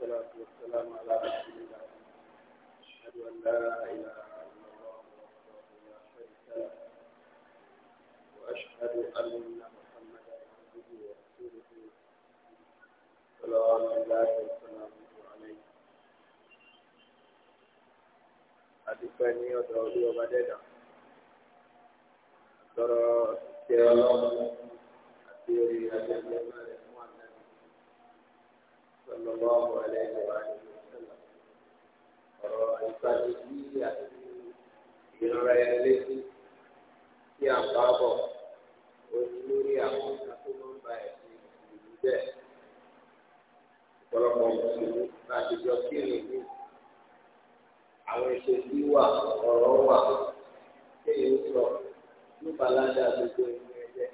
والصلاة والسلام على رسول الله أشهد أن لا إله إلا الله وحده لا شريك له وأشهد أن محمدا عبده ورسوله صلوات الله وسلامه عليه أدفع ني ودعوني وبدأنا أترى كيرا الله أتيري أجل sallallahu alaihi wa sallam ọ̀rọ̀ ìbànújí àti ìrora ẹni létí tí a bá bọ̀ ojú lórí àwọn akólóńgbà ẹ̀sìn ìlú bẹ́ẹ̀ ọ̀pọ̀lọpọ̀ mùsùlùmí láti jọ kírun ní àwọn ìṣèlú wà ọ̀rọ̀ wà kéèyàn sọ nípa ládàá gbogbo ẹgbẹ́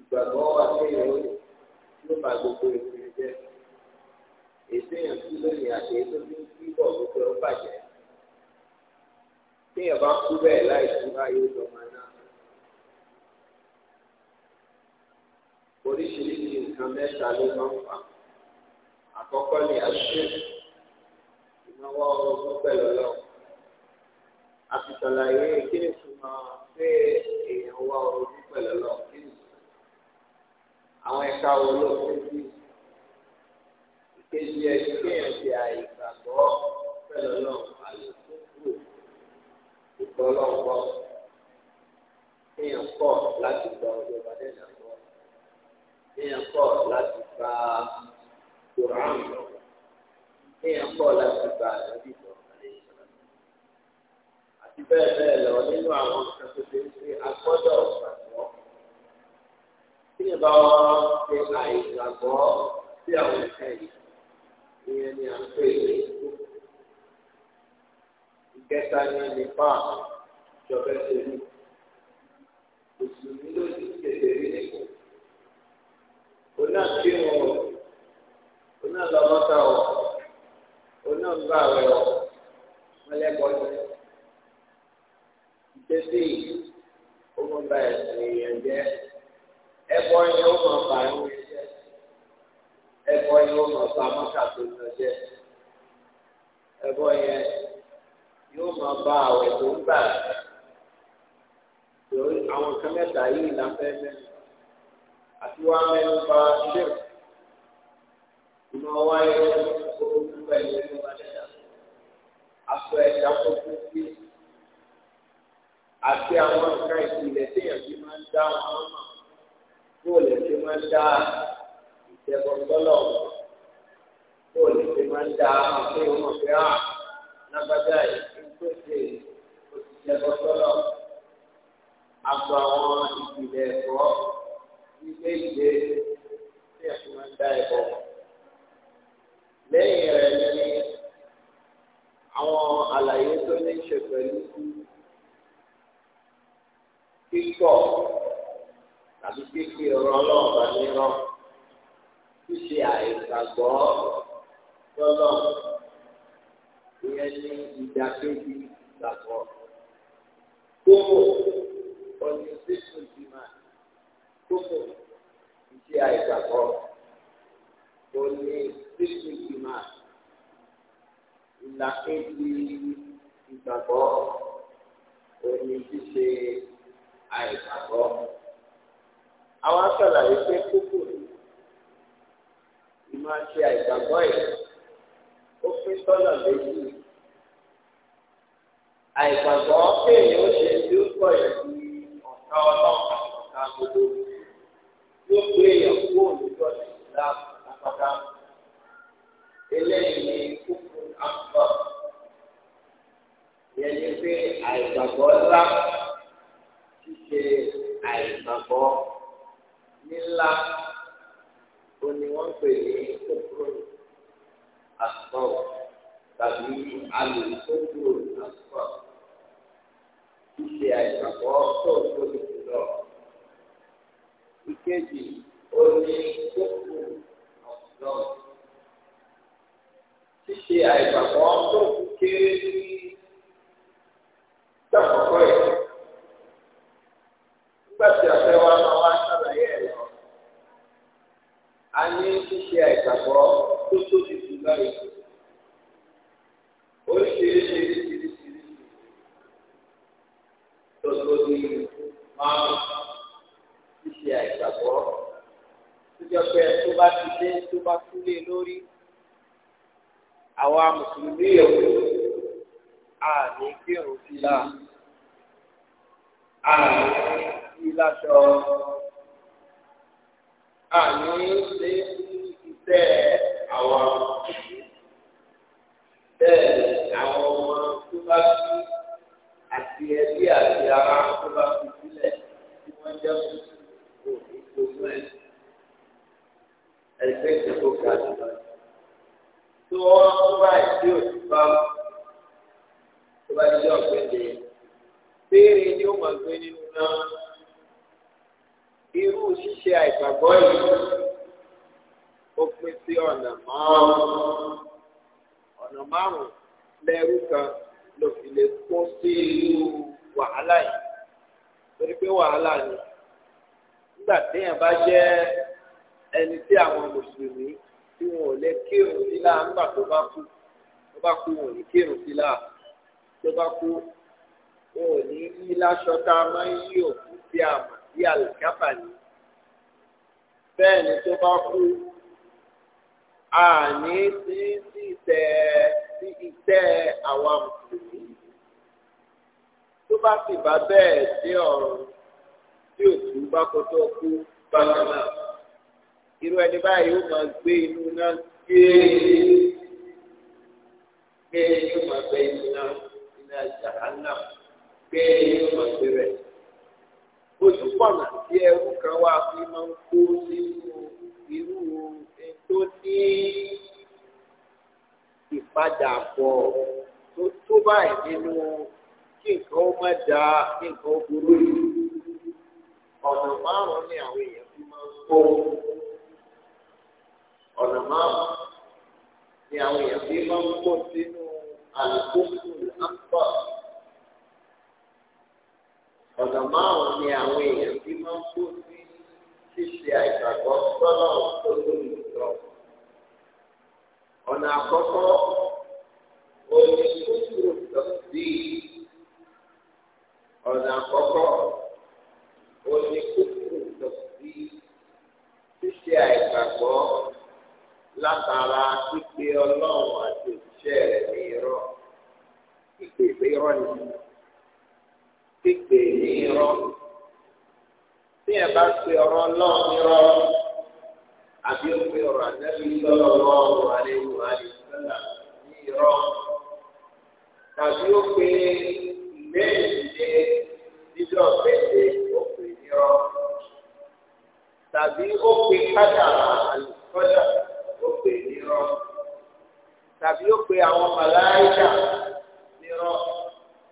ìgbàgbọ́ wà kéèyàn ó ló fa gbogbo ìpínlẹ̀ jẹ́ èsì èèyàn kú lónìí àti èyí tó fi ń kú bọ̀ gbogbo ó bàjẹ́ tí èèyàn bá kú bẹ́ẹ̀ láì tún ayé lọ máa ná oríṣiríṣi nǹkan mẹ́ta ló máa ń fà àkọ́kọ́ ni àṣìṣe ìnáwó ọgbọ́n pẹ̀lú ọlọ́run àti ṣàlàyé kí ni ìtumọ̀ pé èèyàn wá ọrọ̀ ojú pẹ̀lú ọlọ́run àwọn ẹ̀ka wo ló fẹ́ sí ìkejì ẹ̀ kéèyàn ti àìgbàgbọ́ pẹ̀lú ọlọ́run àlùkò kúrò ìgbọ́ ọlọ́run bọ́ kéèyàn kọ̀ láti gba ọjọ́ ìbàdàn náà bọ́ kéèyàn kọ̀ láti gba kùrán lọ kéèyàn kọ̀ láti gba àdàbí lọ àti bẹ́ẹ̀ bẹ́ẹ̀ lọ nínú àwọn kan tó ṣe é ṣe agbọ́dọ̀ pàtó kí ni bá wọn ṣe àìgbàgbọ́ sí àwọn ẹ̀ka yìí ìyẹn ni à ń pè é ìkẹta ní nípa ìjọba ìṣèlú mùsùlùmí ló ti tètè rí nìkan oná kí wọn oná lọ́mọ́ta wọn oná rẹ wọn mọ́lẹ́kọ̀ọ́ yẹn ọmọ bá ẹ̀sìn ìyẹn jẹ́ ẹbọ yẹn ó máa bà yín wí jẹ́ ẹbọ yẹn ó máa bà mọ́tà tó ń lọ jẹ́ ẹbọ yẹn yóò máa bà àwẹ̀ tó ń gbà lórí àwọn kan mẹ́ta yìí là ń fẹ́ mẹ́nu àti wá mẹ́nu bá ṣe ìmọ̀ wáyé olóògùn pẹ̀lú ẹni wá dẹ́ta aṣọ ẹ̀dá tó sí àti àwọn nǹkan ìpìlẹ̀ téèyàn fi máa ń dá àwọn ọmọ yóò lè fi máa ń dá ìjẹ́bọ sọ́lọ̀ yóò lè fi máa ń dá ọ̀pẹ́ ọmọkẹ́ à ah, lágbájá ìpèsè òṣìṣẹ́bọ sọ́lọ̀ àpò àwọn ìpìlẹ̀ ẹ̀kọ́ ilé ìgbé tí a fi máa ń dá ẹ̀kọ́ lẹ́yìn rẹ̀ ni àwọn àlàyé tó ní ṣe pẹ̀lú kíkọ́ àbí fífi ọ̀rọ̀ ọlọ́run bá ní rán ṣíṣe àìgbàgbọ́ lọ́lọ́ ìyẹn ní ìdàkejì ìgbàgbọ́ kókò ọ̀nì sísun ti máa kókò ìṣe àìgbàgbọ́ ọ̀nì sísun ti máa ìdàkejì ìgbàgbọ́ ọ̀nì ṣíṣe àìgbàgbọ́ àwọn aṣàlàyé pé kókò ní ìmọ̀ àti àìgbàgbọ́ ẹ̀ ó pín sọ́nà méjì àìgbàgbọ́ kéèyàn ó ṣe tí ó pọ̀ yẹn ní ọ̀tá ọ̀nà ọ̀tá gbogbo yóò gbé èèyàn kúrò lójú ọ̀sẹ̀ ìlà pátápátá eléyìí ní kókò àpọ̀ yẹn ni pé àìgbàgbọ́ ńlá ṣíṣe àìgbàgbọ́ nílá òní wọ́n pè ní kókó àtọ̀ tàbí alò kókó àtọ̀ ṣíṣe àìsàkọ́ tó tóbi jùlọ. Ìkejì òní kókó àtọ̀ ṣíṣe àìsàkọ́ tó kéré ní sàkọ́kọ́ yìí. Nígbà tí a fẹ́ wá náà a ní ṣíṣe àìgbàgbọ́ tó tóbi jù láyé oríṣiríṣi oríṣiríṣi tó tóbi máa ṣíṣe àìgbàgbọ́ tó pé tó bá ti dé tó bá kúlé lórí àwa mùsùlùmí yòówù a ní kírun fìlà a ní fìlà sọ a ní bẹ́ẹ̀ àwọn bẹ́ẹ̀ àwọn ọmọ tó bá fi àti ẹbí àti ara tó bá fi sílẹ̀ tí wọ́n jẹ́ kó ìgbòho ẹ̀ ẹgbẹ́ ìdìbò ga jùlọ. tó wọ́n tó bá ìdí òtún bá tó pín sí ọ̀nà márùn-ún ọ̀nà márùn-ún lẹ́rú kan ló fi lè kó sí irú wàhálà yìí torí pé wàhálà ni nígbà téèyàn bá jẹ́ ẹni tí àwọn mùsùlùmí tí wọn ò lè kírun sílá nígbà tó bá kú tó bá kú wọn ò ní kírun sílá tó bá kú wọn ò ní yí láṣọ tá a máa ń yí òkú sí àmọ̀ sí àlùkápà ni bẹ́ẹ̀ ni tó bá kú àní sí sí ìtẹ́ sí ìtẹ́ àwa mùsùlùmí tó bá sì bá bẹ́ẹ̀ dé ọ̀run tí òkú bá kó tó kú bákan náà irú ẹni báyìí ó máa gbé inú náà gbéé gbé yóò máa bẹ iná iná jahana gbé yóò máa bẹ rẹ. ojú pọ̀nà tí ẹrú kan wá fi máa ń kó sínú irú tó ní ìpadàbọ̀ tó tó báyìí nínú kí nǹkan ó má dáa kí nǹkan ó burú yìí ọ̀nà márùn-ún ni àwọn èèyàn fi máa ń kó ọ̀nà márùn-ún ni àwọn èèyàn fi máa ń kó sínú àlùkòkò lápá ọ̀nà márùn-ún ni àwọn èèyàn fi máa ń kó sí ṣíṣe àìgbàgbọ́ sọ́nà tó lórí ọ̀nà àkọ́kọ́ òní kúkúrú tọ̀sí ọ̀nà àkọ́kọ́ òní kúkúrú tọ̀sí ṣíṣe àìgbàgbọ́ látara pípe ọlọ́run àti òṣìṣẹ́ rẹ̀ ní irọ́ pípe ìpè irọ́ ni pípe ní irọ́ bí ẹ bá pe ọ̀rọ̀ ọlọ́run ní irọ́ àbí òfin ọ̀rọ̀ àtẹ́bí lọ́wọ́ ọ̀rọ̀ àlejò àlejò sọ́là ní irọ́ tàbí òfin ìgbẹ́yìnde níjọ́ pété òfin irọ́ tàbí òfin kádàrà àlùkọ́dà òfin irọ́ tàbí òfin àwọn màláìkà nírọ́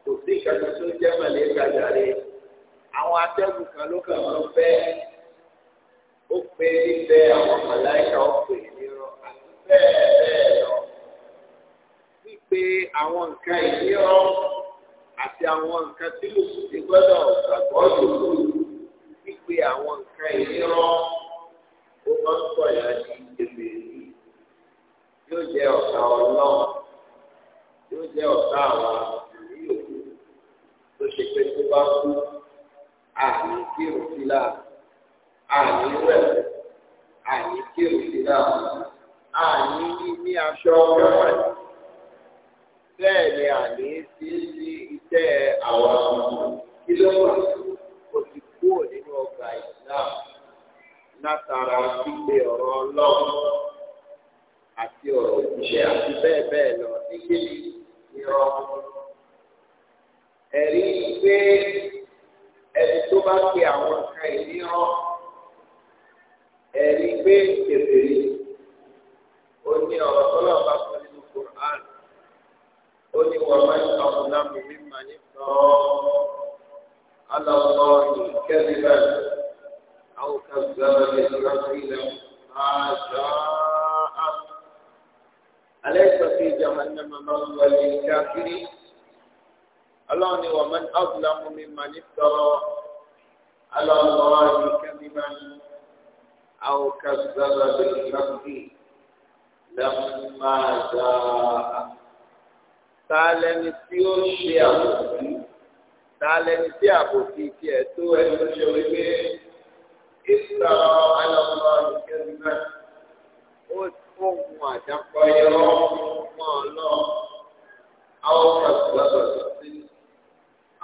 kò sí ìkàtà tó jẹ́ màlẹ́kà jàre àwọn atẹ́gùn kan ló kàn máa ń fẹ́ ó pe níbẹ̀ àwọn màláìka ó pè nírọ̀ àti bẹ́ẹ̀ bẹ́ẹ̀ lọ. Wípé àwọn nǹkan ìnírọ̀ àti àwọn nǹkan tí lòsùnmí gbọ́dọ̀ gbàgbọ́ lòlù wípé àwọn nǹkan ìnírọ̀ ó máa ń pọ̀ yá ní ìdèmè yìí. Yóò jẹ́ ọ̀tá ọlọ́run, yóò jẹ́ ọ̀tá àwọn ìlú yòókù tó ṣe pé tó bá kú àmì kí òsì láàbù àní wẹ̀ àní kí òsì náà àní ní aṣọ wẹ̀ bẹ́ẹ̀ ni àní ti ń di iṣẹ́ àwọn ọmọ kí ló wà kò sì kúrò nínú ọgbà ìsìláà látara gbígbé ọ̀rọ̀ ọlọ́run àti ọ̀rọ̀ òṣìṣẹ́ àti bẹ́ẹ̀ bẹ́ẹ̀ lọ nígbè ìrọ̀ ẹ̀rí pé ẹni tó bá pe àwọn nǹkan ìníran ẹ̀rí pé kèfèrí ó ní ọ̀rọ̀ tọ́lọ̀ bá sọ nínú Qur'an ó ní wọ́n máa ń sọ ọ̀nà mímí mà ní sọ alọ́lọ́ ìkẹ́lẹ́lá àwọn kan gbọ́dọ̀ lè lọ sí ilẹ̀ máa jọ á. أليس في جهنم مثوى للكافرين الله ni ومن أظلم ممن افترى على الله كذبا أو كذب بالحق لما جاء تعلم سيور شيئا تعلم سيابو في كيتو المشوكين افترى على الله كذبا وتقوم تقيرا ما لا أو كذب بالحق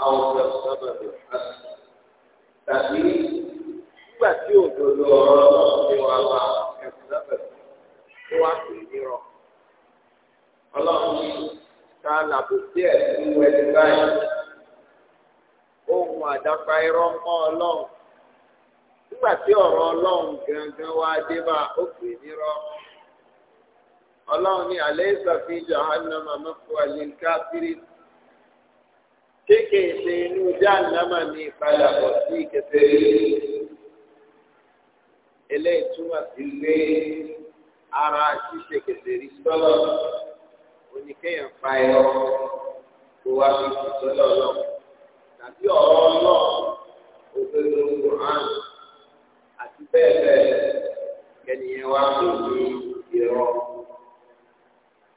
أو كذب بالحق تبيه nígbà tí òdodo ọ̀rọ̀ ti wà bá ẹ̀sìn lábẹ́rẹ́ tó wá pè é nírọ̀. ọlọ́run ní ta làbò díẹ̀ nínú ẹni báyìí ohun àdápa irọ́ mọ́ ọlọ́run nígbà tí ọ̀rọ̀ ọlọ́run gangan wá dé bá ó pè é nírọ̀. ọlọ́run ní alẹ́ ìsàfihàn jahannama mọ́kọ́ àlè káfírí kéékèèké inú jáàlámà ní ìpadàbọ̀ sí ìkẹsẹ̀ rẹ̀ eléyìí túmọ̀ sí pé ara ṣíṣe kèfèrí sọ́lọ̀ oníkéyàn pa ẹ̀rọ kó wá fi kù sọ́lọ̀ náà tàbí ọ̀rọ̀ náà òdodo Quran àti bẹ́ẹ̀ bẹ́ẹ̀ kẹ́niyẹn wá kò ní ìrọ̀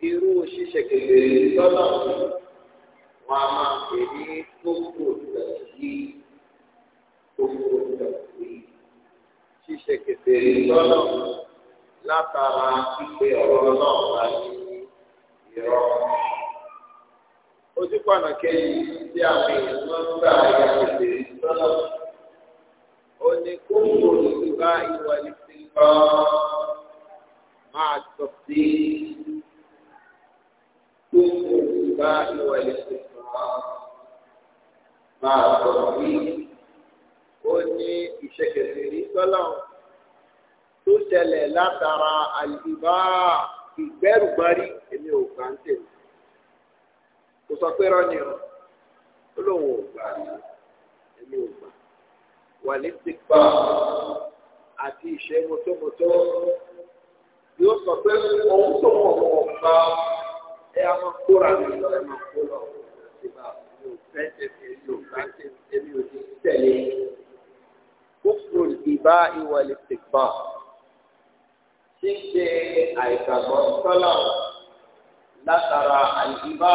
irú ṣíṣe kèfèrí sọ́lọ̀ wọn a máa pè ní kókò tẹ̀sí kókò tẹ̀sí ṣíṣe kékeré lọ́nà látara pípe ọ̀rọ̀ náà wá ní ìrọ̀. Ojú pànà kejì tí àwọn èèyàn máa ń gbà ya kékeré lọ́nà. Ó ní kókò ìgbà ìwà ìsìnkọ́ máa sọ sí kókò ìgbà ìwà ìsìnkọ́ máa sọ sí ó ní ìṣèkèsìrí tọ́lọ́hún tó ṣẹlẹ̀ látara àlùbá ìgbẹ́rùgbárí èmi ò gbà ń tèmi kò sọ pé rọ́ọ̀nì o ó lóun ò gbà èmi ò gbà wà ní tipa àti ìṣe mọ́tòmọ́tò yóò sọ pé ohun tó mọ̀ mọ̀ gbà ẹ á máa kóra mi lọ ẹ máa kó lọ sí bá mi ò fẹ́ tẹ̀lé mi ò gbà tẹ̀lé mi ò ní tẹ̀lé kúkúrò ìbá ìwà ìsìnkàn ṣíṣe àìgbàgbọ́ sọ́lá látara àìbá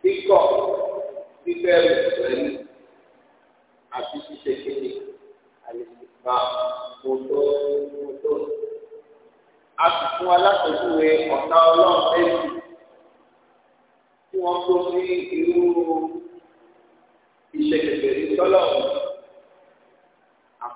kíkọ̀ bíbẹ̀rù pẹ̀lú àti ṣíṣe kéde àìsìnkàn mọ́tò mọ́tò. a sì fún alákòókòwé ọ̀tá ọlọ́run lẹ́yìn tí wọ́n tó ní irú iṣẹ́ kékeré sọ́lá ọ̀hún.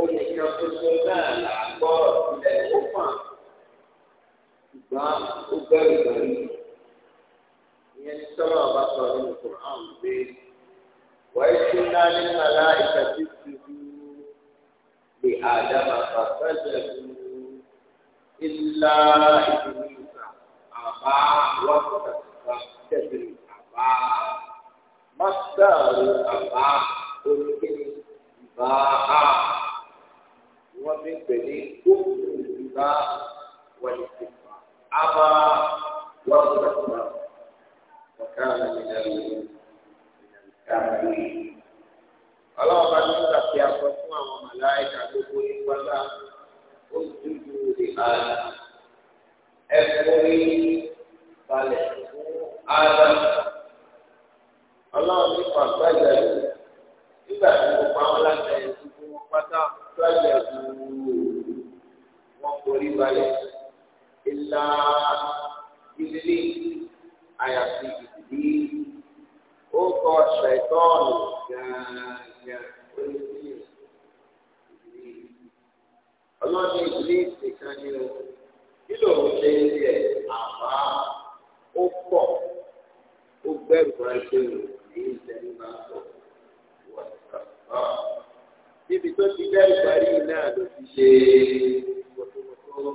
onìkan tuntun náà là ń gbọ́ ilẹ̀ tó fàn ṣùgbọ́n ó gbẹ́rù gbẹ́rù ìyẹn ní sọ́nà ọba sọ nínú Kùrán pé wọ́n ti ná ní kàlá ìtàkì tuntun lè àdàmà pàṣẹ إلا إبليس أبى واستكبر أبى مصدر أبى ولكن باء wọ́n fi ń pè ní gbogbo ìgbà wọlé sí àbá wọ́n tó lọ́wọ́ ọ̀ká àlàyé ìdàgbé ọlọ́wọ́ bá ní ìgbàgbé akọ fún àwọn màláìka gbogbo ìpátá ó dúdú lè ara ẹ̀fọ́ rí balẹ̀ fún ara ọlọ́wọ́ nípa gbàgbé nígbà tí mo pa wọn láti ẹ̀yìn tó wọ́n pátá sáyẹ̀wò wọn forí balẹ̀ ìlà ìdílé àyàfi ìdílé ó kọ ṣẹ̀tọ́ọ̀nù gàgà oníṣẹ́ ìdílé ọlọ́ni ìdílé nìkan ni o kí lóun ṣe ń yẹ àbá ó pọ̀ ó gbẹ̀rù rẹ̀ pé ìdílé ń tẹnu bá sọ̀rọ̀ wọ́n ti sọ̀rọ̀ níbi tó ti dá ìparí náà ló ti ṣe kòtòkòtò ló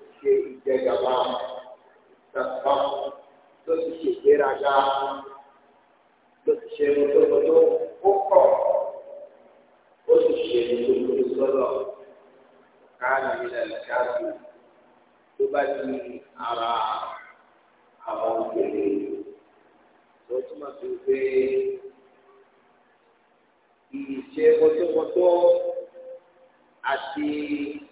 ti ṣe ìjẹgàba ìtàkùn ló ti ṣe ìgbéraga ló ti ṣe kòtòkòtò ó kọ̀ ó sì ṣe kòtòkòtò sọ́dọ̀ káàdì ilẹ̀ káàdì tó bá di ara àwọn òkè. sí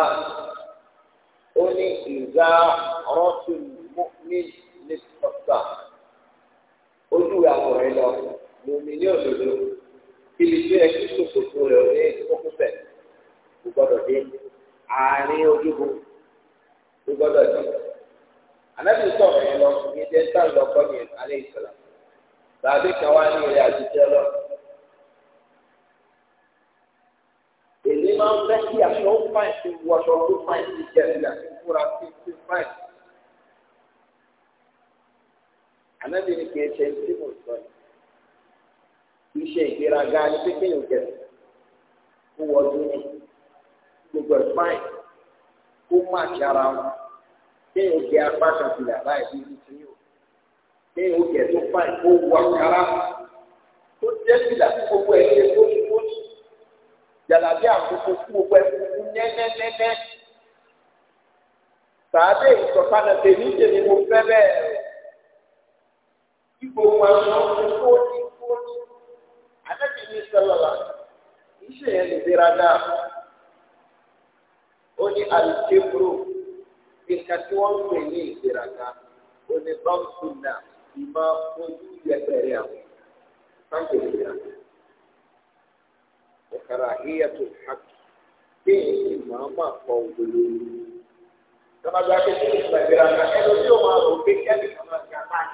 الرهبان أني إزارة المؤمن للصداق ojú a. ọ̀rẹ́ lọ lómi ní òdodo ibi tó yẹ kí sòkòtò rẹ̀ ò ní kókósẹ̀ kò gbọ́dọ̀ dé àárín ojúbo kò gbọ́dọ̀ dé anábì sọ̀rọ̀ yẹn lọ ní jẹ́ sáà lọ́kọ́ ní alẹ́ ìsọ̀lá tàbí kan wá ní ilé àtijọ́ lọ́wọ́. kí aṣọ ó fáìn sí wọ aṣọ tó fáìn sí jẹ ìlà tó fúra sí sí fáìn. Ànábì ni kìí ṣe tí mo sọ yìí. Kìí ṣe ìgbéraga ni pé kéèyàn jẹ kó wọ ọdún ní gbogbo ẹ̀ fáìn kó má ṣe ara wọn. Kéèyàn jẹ apá kan sílẹ̀ báyìí bí ti yóò. Kéèyàn ó jẹ tó fáìn kó wọ àkàrà. Tó jẹ́ sílẹ̀ gbogbo ẹ̀ ṣe kó ṣe kó ṣe jàlábí àkókò fún gbogbo ẹkùnkù nẹ́nẹ́nẹ́nẹ́ sàádé ìsọ̀padà tèmi tèmi mo fẹ́ bẹ́ẹ̀ ibo wọn ọ̀hún fóní fóní anábì ní sọlọ́la iṣẹ́ yẹn lè dira dáa ó ní alùpùpù nǹkan tí wọ́n ń pè ní ìdira dáa ó ní bọ́ǹkì náà ìmọ̀ ojú yẹpẹrẹ àwọn sáńkì ìdira وكراهية الحق في إمامة قوله كما ذاك المستقر أن اليوم أربك كما كمان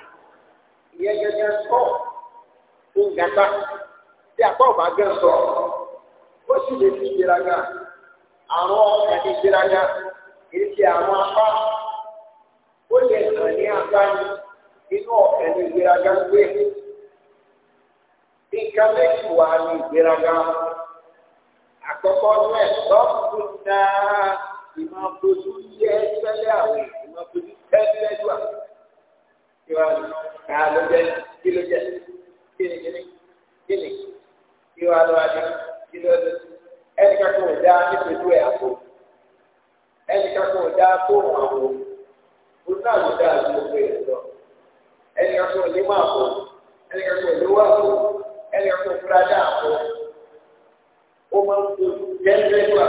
ìyẹn gẹ́gẹ́ sọ fún gàtà tí àpá ọba gẹ sọ ó sì lè fi ìgbéraga àwọn ẹni ìgbéraga kì í ṣe àwọn apá ó lè hàn ní apá ni inú ẹni ìgbéraga gbé nǹkan méjì wà ní ìgbéraga wọn àkọ́kọ́ nú ẹ̀ lọ́kùnkùn náà ìmọ̀ fojú yẹ sẹ́lẹ̀ àwẹ̀ ìmọ̀ fojú tẹ́lẹ̀ dùà. kí wàá lọ kàá ló jẹ kí ló jẹ kí ni kí ni kí ni kí wàá lọ adé kí ló lọ ẹnì kankan ò dá nípẹ̀lú ẹ̀ àpò ẹnì kankan ò dá fóònù àpò òun náà ló dá gbogbo ẹ̀ lọ ẹnì àpò ẹnì kankan ò ní àpò ẹnì kankan ò àpò ó máa ń fojú gẹ́gẹ́ wà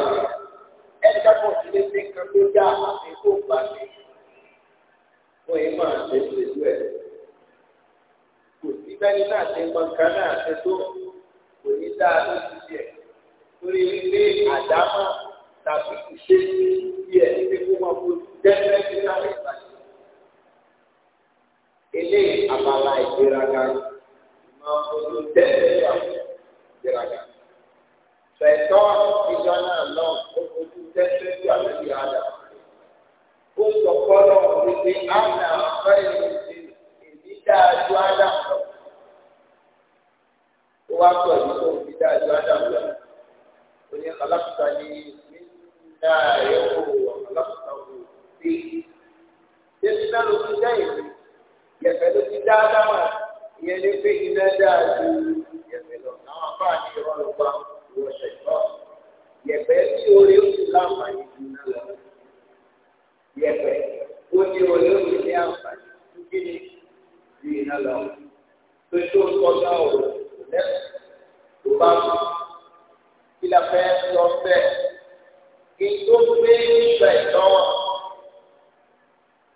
ẹni ká pọ̀ sílé sí nǹkan tó dá àti tó bá ṣe fún yín máa ṣe pẹ̀lú ẹ̀ kò sí bẹ́ni náà ṣe mọ̀ọ́kán náà ṣe tó kò ní dáa ló ti tiẹ̀ torí ilé àdámọ́ tàbí ìṣe tiẹ̀ ní kó máa fojú gẹ́gẹ́ sí náà ìbàdí. Ilé àbàlà ìgbéraga máa fojú gẹ́gẹ́ ìgbéraga. Bẹ̀tọ́ ìjọ náà lọ ojú tẹ́tẹ́ tí a lè fi àdá. Ó sọ fọ́lọ́ wípé àmì àfẹ́ ìrìnsì èmi dáadú àdá lọ. Ó wá sọ èyí tó fi dáadú àdá lọ. Ó ní alákùúta ní nígbà ẹ̀kọ́ alákùúta wò sí. Jésù náà ló ti dá èmi. Yẹ̀fẹ́ ló ti dá Ádámà. Ìyẹn ló pé iná dáa ju yẹ̀fẹ́ lọ. Àwọn afáàní ìrọ̀lùpá yẹ̀pẹ̀ tí orí ó ti láǹfààní ju náà lọ. Yẹ̀pẹ̀ ó ní orí ó ti ní àǹfààní ju kí ni ju iná lọ. Tóṣó kọjá òòrùn kò lẹ́sùn tó bá mú. Kí la fẹ́ lọ bẹ́ẹ̀? Kí tó gbé nígbà ìtọ́wọ̀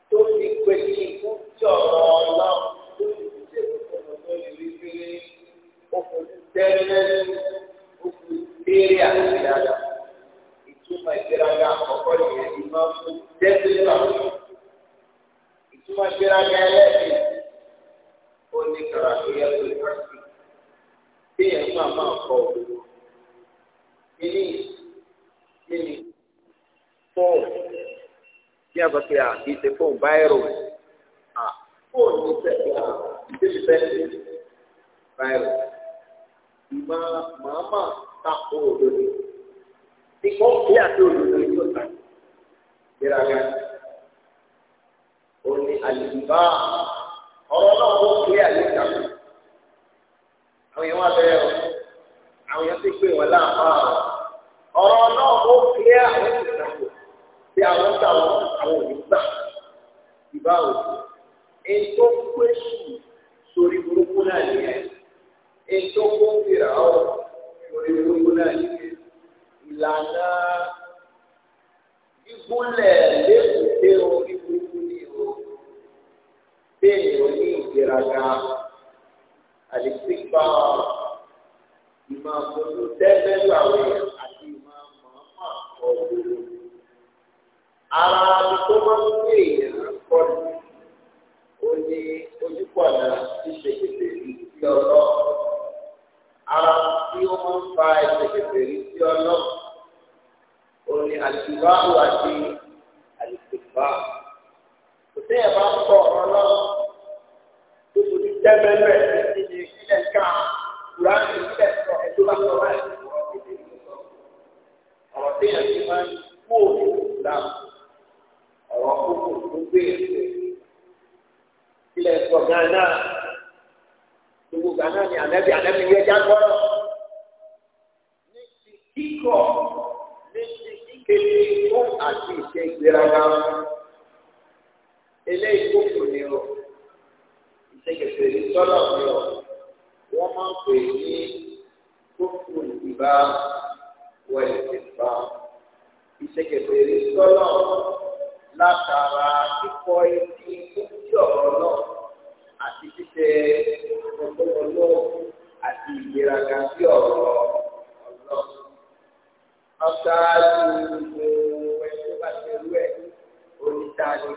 tó fi pè ní ikú tí ọ̀rọ̀ ọlọ́run tó ti ṣe fún ọmọ tó lè rí bí ó kò tẹ́lẹ̀ ó kò tẹ́lẹ̀ àti ìdájọ́ ìtumọ̀ ìgbéraga àkọ́kọ́ nìyẹn ti máa ń fún dẹ́sílẹ̀ ìtumọ̀ ìgbéraga ẹlẹ́ẹ̀kejì ó ní kàrà tó yẹ kó lè rántí bí ẹ̀ máa máa kọ òwò kíní kíní fóònù bí a bá fi à kì ṣe fóònù báyìrò à fóònù ní sẹ́yìn à ìdílé bẹ́ẹ̀ ní báyìrò ìmọ̀ màmá takò òdodo. Ìkọ́ bí àti òdòdó ní ọ̀tá. Ìgbéraga. Ó ní àlùbá. Ọ̀rọ̀ náà ó kéré àlékà. Àwọn èèyàn wá bẹ̀rẹ̀ o. Àwọn èèyàn ti pè wọ́n láàpá o. Ọ̀rọ̀ náà ó kéré àwọn ìtàkùn. Bí àwọn táwọn àwọn òní gbà. Ìbá òdì. Èyí tó sórí burúkú náà nìyẹn. Èyí tó kó fìrà ọ̀ sórí burúkú náà nìyẹn ìlànà gbígbólẹ̀ lẹ́kùté orí burúkú ni o bẹ́ẹ̀ ò ní ìgbéraga àdìsígbà ìmọ̀ àbójú tẹ́lẹ̀lú àwẹ̀ àti ìmọ̀ àmọ́ ọ̀gbọ̀n. ara tó máa ń gbé èèyàn pọ̀ ní ó ní ojúpọ̀nà ṣíṣe kèfè rí sí ọlọ́ ara tí ó máa ń fa ẹ̀ṣẹ̀ kèfè rí òní àṣìbá wà sí àlùfẹ́fà kò sí ẹ̀ bá ń kọ́ ọ̀rọ̀ náà tó fojú tẹ́lẹ̀lẹ̀ ní ti ilẹ̀ ká kùránì ilẹ̀ sọ ẹ̀ tó bá sọ láì fún ọ̀rọ̀ tó ti sọ ọ̀rọ̀ tí ẹ̀ ti máa ń kó òkú ìlànà ọ̀rọ̀ kókò tó gbé ẹ̀sẹ̀ ilẹ̀ sọ gánà gbogbo gánà ni ànẹ́bí ànẹ́bí yẹ já gbọ́rọ̀ ní ti kíkọ̀ ètò àti ìṣe ìgbéraga eléyìí tó kù ní o ìṣe kẹsẹ̀ ní sọ́lá ní o wọ́n máa ń pè ní kókò ìbá wẹ̀lẹ̀ ìbá ìṣe kẹsẹ̀ ní sọ́lá látara kíkọ etí kókì ọ̀rọ̀ náà àti títẹ ọgbọ́n náà àti ìgbéraga sí ọ̀rọ̀ náà ọ̀sáájú gbogbo ẹ̀ tó bá ṣe rú ẹ̀ onídàájú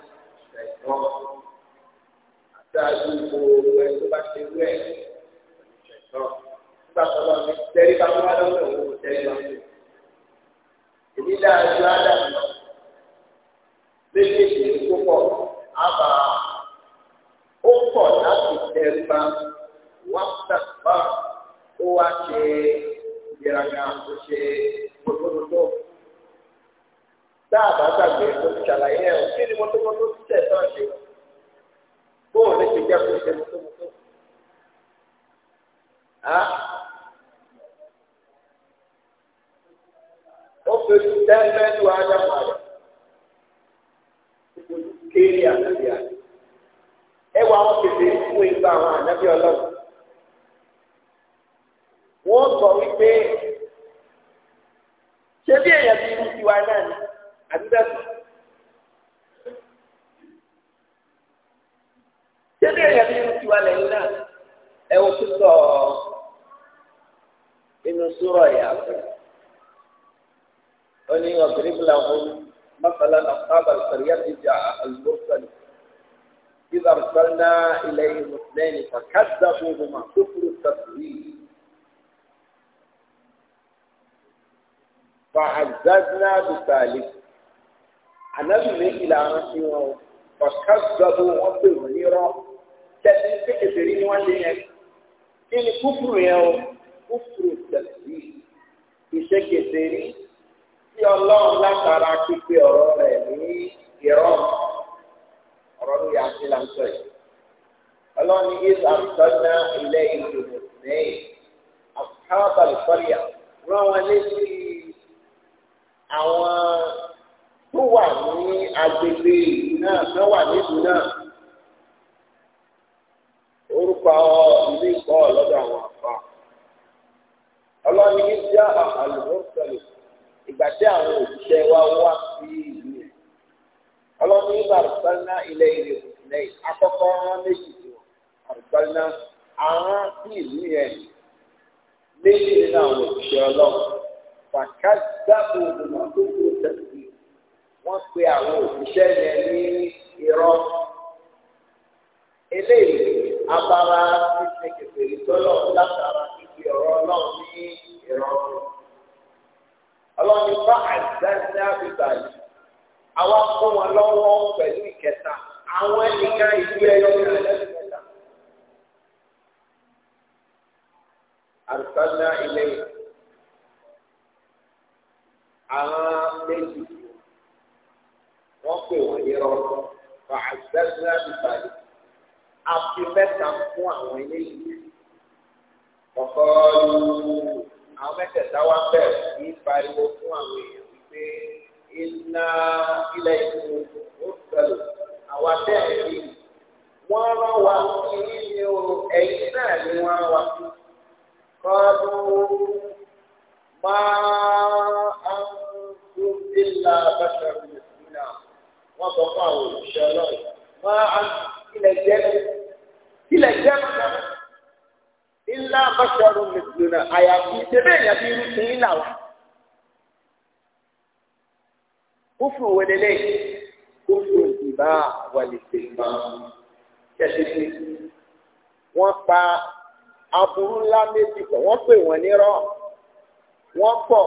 ṣẹ̀gbọ́n ọ̀sáájú gbogbo ẹ̀ tó bá ṣe rú ẹ̀ ṣẹ̀gbọ́n nígbà tó lọ sí tẹ́rí bá wà lọ́wọ́ òun tẹ́rí bá wù. èmi dáadé ádàmù méjèèjì ní púpọ̀ àbá ó pọ̀ láti tẹ́rí bá wọ́n tàbá ó wá ṣe ìgbéraga ṣe gbogbogbò dáàbà gbàgbé mo ti ṣàlàyé ẹ̀ kí ni mọ́tòmọ́tò tẹ̀ náà ṣe bóun lè ṣe jẹ́ kó ṣe mọ́tòmọ́tò á ó fi dẹ́gbẹ́nu kéèrè àtàlẹ́ ẹ fún ìgbà àwọn wọ́n ṣé bí èèyàn bí irú tiwa náà ni àbí bẹ́ẹ̀ sọ. ṣé bí èèyàn bí irú tiwa lẹ́yìn ẹ wò tó sọ inú ko oni ó ní ọ̀gbìn ìbúlà ọ̀hún mọ́sálá náà sábà sọ̀rọ̀ yàtọ̀ ìjà àlùbọ́sọ̀lù. إذا أرسلنا إليهم اثنين فكذبوهما كفر التكذيب fa àgbàdúrà bùtàlì ànábì méjì làwọn fi wọn o ọ̀ká gbàgbó wọn pè wọ́n nírọ́ tẹ̀sí kékeré ní wọ́n lé yẹn kí ni kúfùrù yẹn o kúfùrù tẹ̀sí iṣẹ́ kékeré tí ọlọ́run látara pípé ọ̀rọ̀ rẹ̀ ní ìrọ̀ ọ̀rọ̀ ló yà sí láńtọ̀ yìí ọlọ́run ní àbùtọ́jà ilé ìlú nìyí àbùkábàlùfọ́lìyà rán wọn létí àwọn tó wà ní agbègbè náà tó wà náà orúkọ ilé ìkọ́ lọ́dọ̀ àwọn àfa ọlọ́ni yìí já àlùmọ́sọ̀lù ìgbà àwọn òṣìṣẹ́ wa wá sí ìlú yẹn ọlọ́ni yìí àrùsálná ilẹ̀ ìlú akọ́kọ́ méjì tó àwọn sí ìlú méjì nínú àwọn fàkàdàbò ìgbìmọ̀ tó kúrò tẹ̀sí wọ́n pe àwọn òṣìṣẹ́ yẹn ní irọ́ eléyìí abala títí kẹfẹ́rì tọ́lọ̀ látara níbi ọ̀rọ̀ náà ní irọ́ ọlọ́ni bá àìsàn àbíbá yìí àwa kó wọn lọ́wọ́ pẹ̀lú ìkẹta àwọn ẹnìkan ìlú ẹyọ ní alẹ́ ìkẹta. àrùsọ́nà ilé àwọn méjì wọ́n pè wọ́n nírọ́ fàṣẹ́sẹ́ àbíbalẹ̀ àfi mẹ́ta fún àwọn eléyìí ọ̀kọ́ àwọn mẹ́tẹ̀ẹ̀ta wá bẹ̀rẹ̀ ní pariwo fún àwọn èèyàn wípé iná ilẹ̀ ìlú. aburú ńlá méjì pọ̀ wọ́n pè wọ́n nírọ́ wọ́n pọ̀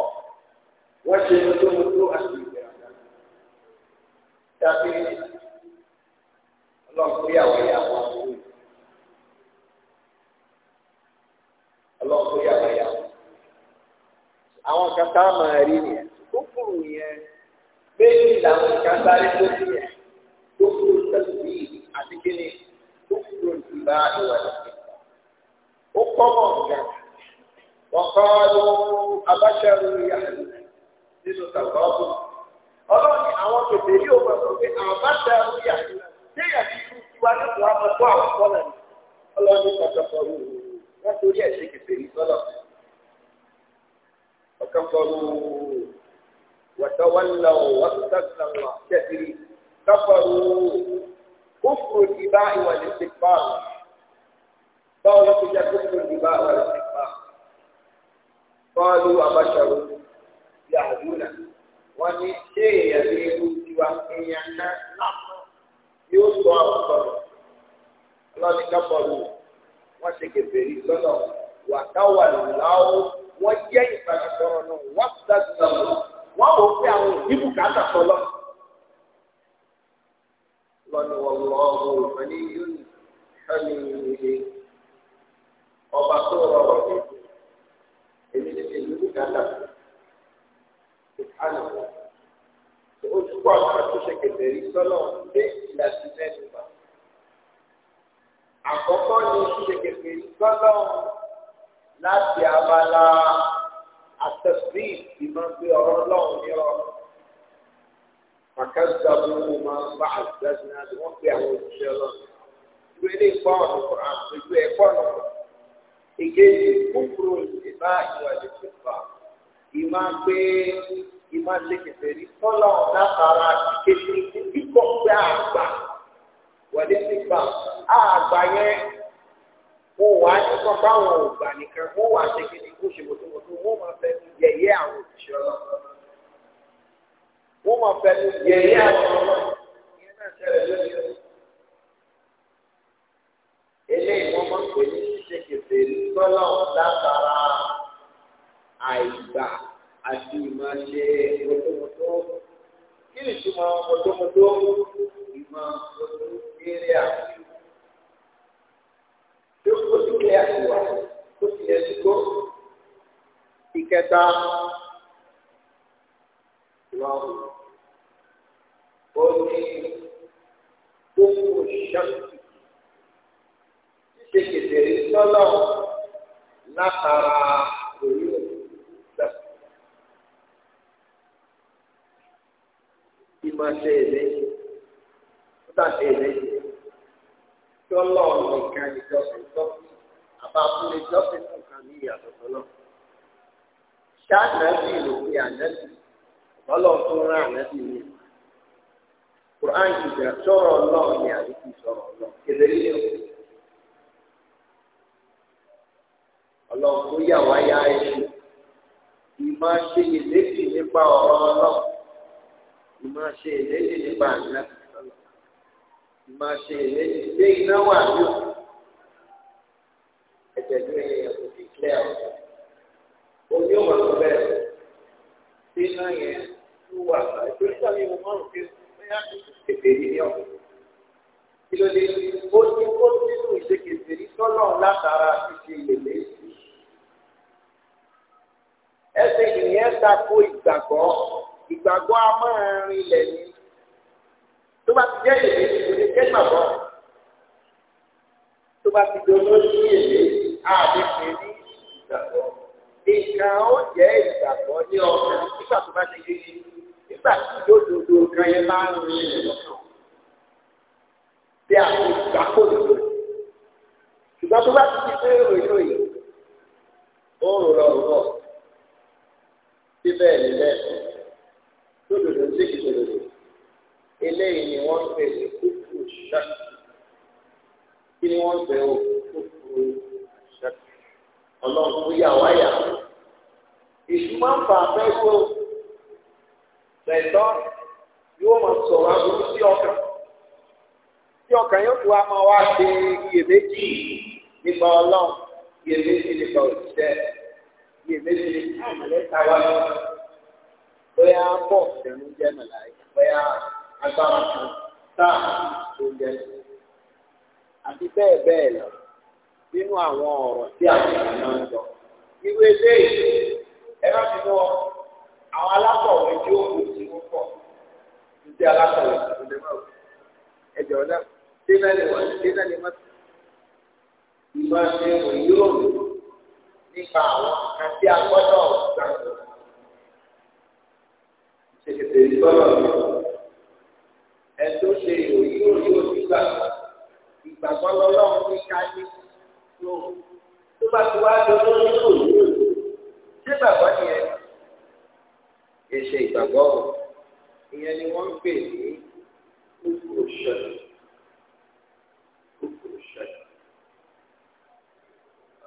wọ́n ṣe lójúmọ́tò àti ìgbéraga tàbí ọlọ́run pé àwọn ẹ̀yà wọn kú ọlọ́run pé àwọn ẹ̀yà wọn àwọn kan tá a máa rí nìyẹn tó kúrò yẹn méjì làwọn kan sáré tó sí yẹn tó kúrò àti kíni tó ìgbà ìwà ìgbà kọ́mọ̀ gan wọ́n kọ́ ló abáṣẹ́rù yàrá nínú tàbọ́ọ̀bù ọlọ́run àwọn tòbí yìí ó mọ̀ pé abáṣẹ́rù yàrá déyà ti tiwa ní ìlú amọ̀tó àwọn kọ́lẹ̀ ọlọ́run kọ̀ọ̀kan wọ́n torí ẹ̀ṣẹ̀ kẹfẹ́ yìí sọ́lọ̀ ọ̀kan kọ̀ọ̀rù wọ̀tọ̀wọ́lọ̀ wọ́tọ̀tọ̀ kẹfìrí kọ̀ọ̀rù kófò ti pààrọ̀ báwo ló ti jẹ́ pé kò ní bá wà lọ́sẹ̀ pa bọ́ọ̀lù abáṣọrò yàgùnà wọ́n ní ṣé èèyàn ní ewu tiwa èèyàn náà náà yóò sọ àwọn sọ̀rọ̀ ọlọ́ni kábọ̀lù wọ́n ṣe kẹfẹ́rí sọ́nà wàtáwà láwọ́ wọ́n jẹ́ ìbánisọ̀rọ̀ náà wọ́n sàgbà wọ́n wò pé àwọn ìdìbò kàtà sọ̀lọ́ lọ́ni wọ́n lọ́ọ́ wọ́n ní yóò ní ìwé ọba tó rọrọ ní èmi ní ìlú uganda ìhánà ojúbọ àwọn àtúnṣe kẹtẹrí sọlọ ní ìlàjì mẹ́nu bá àkọ́kọ́ ní ìṣe kẹtẹrí sọlọ láti abala àtẹsí ìmọ̀gbé ọ̀rọ̀ lọ́hùn ní ọ̀rọ̀ kàkàzà gbogbo máa ń bá àgbàdo náà wọ́n pe àwọn òṣìṣẹ́ lọ ìwé ní ìpọ́n ọ̀nà ìpọ́n ọ̀nà èkejì kúkúrò ìbá ìwà ìfipá ìmá gbé ìmá ṣe kẹfẹrí tọ́lá látara kékeré kíkọ́ pé àgbà wọlé pípa àgbà yẹn mo wà ní sọ báwọn ògbà nìkan mo wà ṣe kíni kó ṣe wòtòwòtò wọn máa fẹ́ mi yẹ̀yẹ́ àwọn òṣìṣẹ́ ọlọ́run wọn máa fẹ́ mi yẹ̀yẹ́ àwọn ọlọ́run ìyẹn náà ṣẹlẹ̀ lónìí eléyìí wọn máa ń pè ní. ìfèrí sọ́lọ́ọ̀ látara àìgbà àti ìmọ̀ṣe mọ̀tòmọ̀tò kí ni ìtumọ̀ mọ̀tòmọ̀tò ìmọ̀ mọ̀tò kéré àti tó kéré àti wà tó ti yẹ ìkẹta. náà wà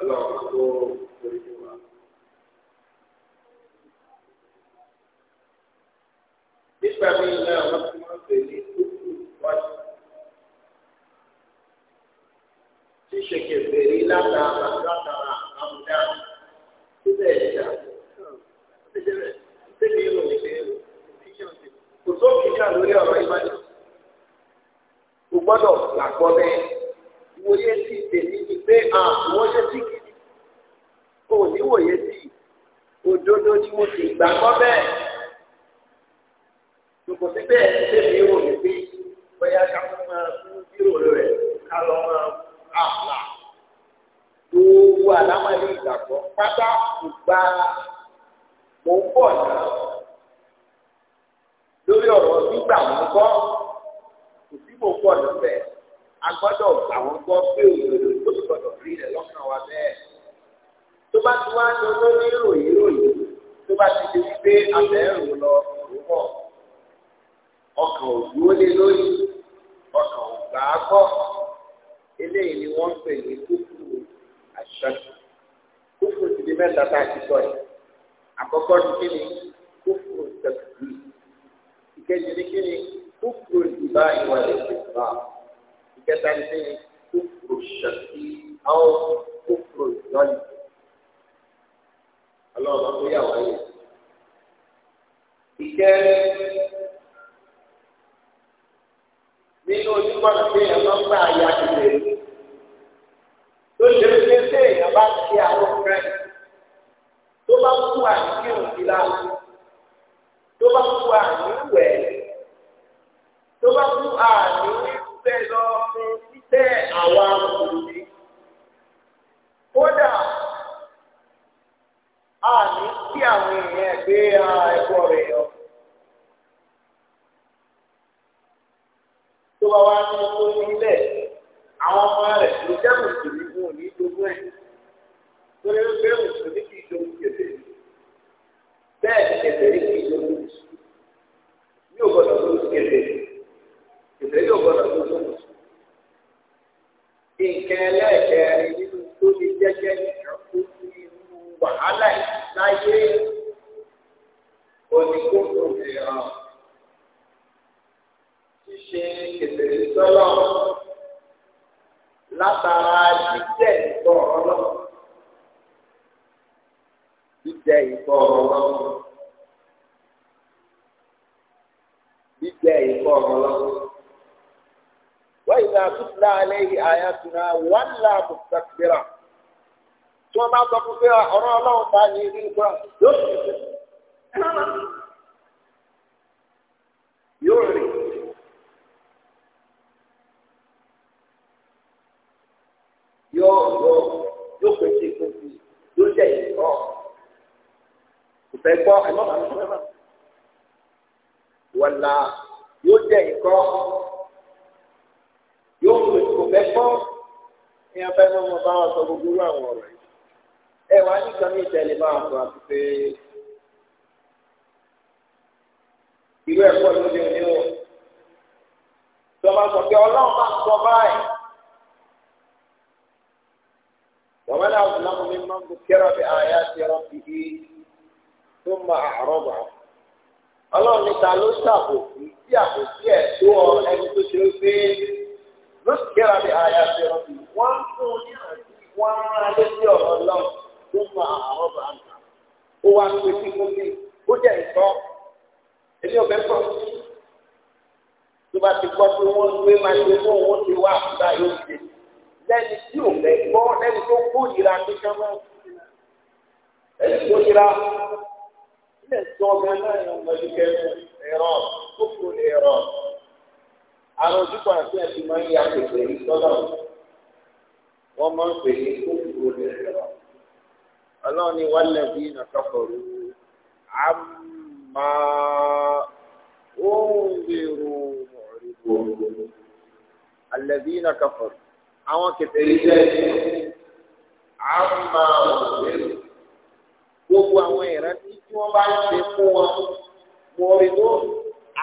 老多。ọ̀rọ̀ ọlọ́run ta ní ìlú ìgbà yóò sì ṣe yóò rìn. yóò yóò yóò pèsè ìpèsè yóò jẹ ìgbọ́ kò fẹ́ gbọ́ ẹ̀mọ́ bàbá fún ẹ̀mọ́ wọ̀là yóò jẹ ìgbọ́ yóò pèsè kò fẹ́ gbọ́ ẹ̀yàn fẹ́ mọ́ bá wọn sọ gbogbo àwọn ọ̀rọ̀ yìí ẹ wàá ní kan ní ìtẹ̀lé máa sọ àti pé irú ẹ̀kọ́ ló dé òní wọ̀ tí wọ́n bá sọ pé ọlọ́run bá ń sọ báyìí wọ́n bá dáhùn láwọn mi máa ń bu kẹ́rọ̀ bí àyà ti rọ́ fi hí tó máa àrọ́bà ọlọ́run níta ló ṣàbòsí tí àbòsí ẹ̀ tó ọ ẹni tó ṣe é pé ló kẹ́rọ̀ bí àyà ti rọ́ fi wọ́n fún un ní àti wọ́n rán alẹ́ sí ọ̀rọ̀ ọlọ́run tó mọ àwọn ọba àná ó wá pé sí fún mi ó jẹ́ ìtọ́ èmi ò fẹ́ gbọ́ tó bá ti gbọ́ pé wọ́n gbé máa ṣe fún òun ti wá àbúrò ayé òde lẹ́ni tí ò fẹ́ gbọ́ lẹ́ni tó kó ìlera tó kán mọ́ ẹni tó yíra ilé ìtọ́ ọmọ náà yẹn mọ̀lú kẹrin ẹ̀rọ tó kúrò ní ẹ̀rọ àwọn ojúkọ àti ẹ̀sìn máa ń yá pèsè ìtọ́lọ̀ wọ́n máa ń pè ní kó ní ẹ̀rọ ọlọ́run ni wọ́n lẹ̀ bí iná kọkọrọ àmà òun bèrò mọ̀rìbò alẹ́bí iná kọkọrọ àwọn kẹfẹ́rí jẹ́ àmà òun bèrò gbogbo àwọn ìrántí tí wọ́n bá ń ṣe fún wọn mọ̀rìbò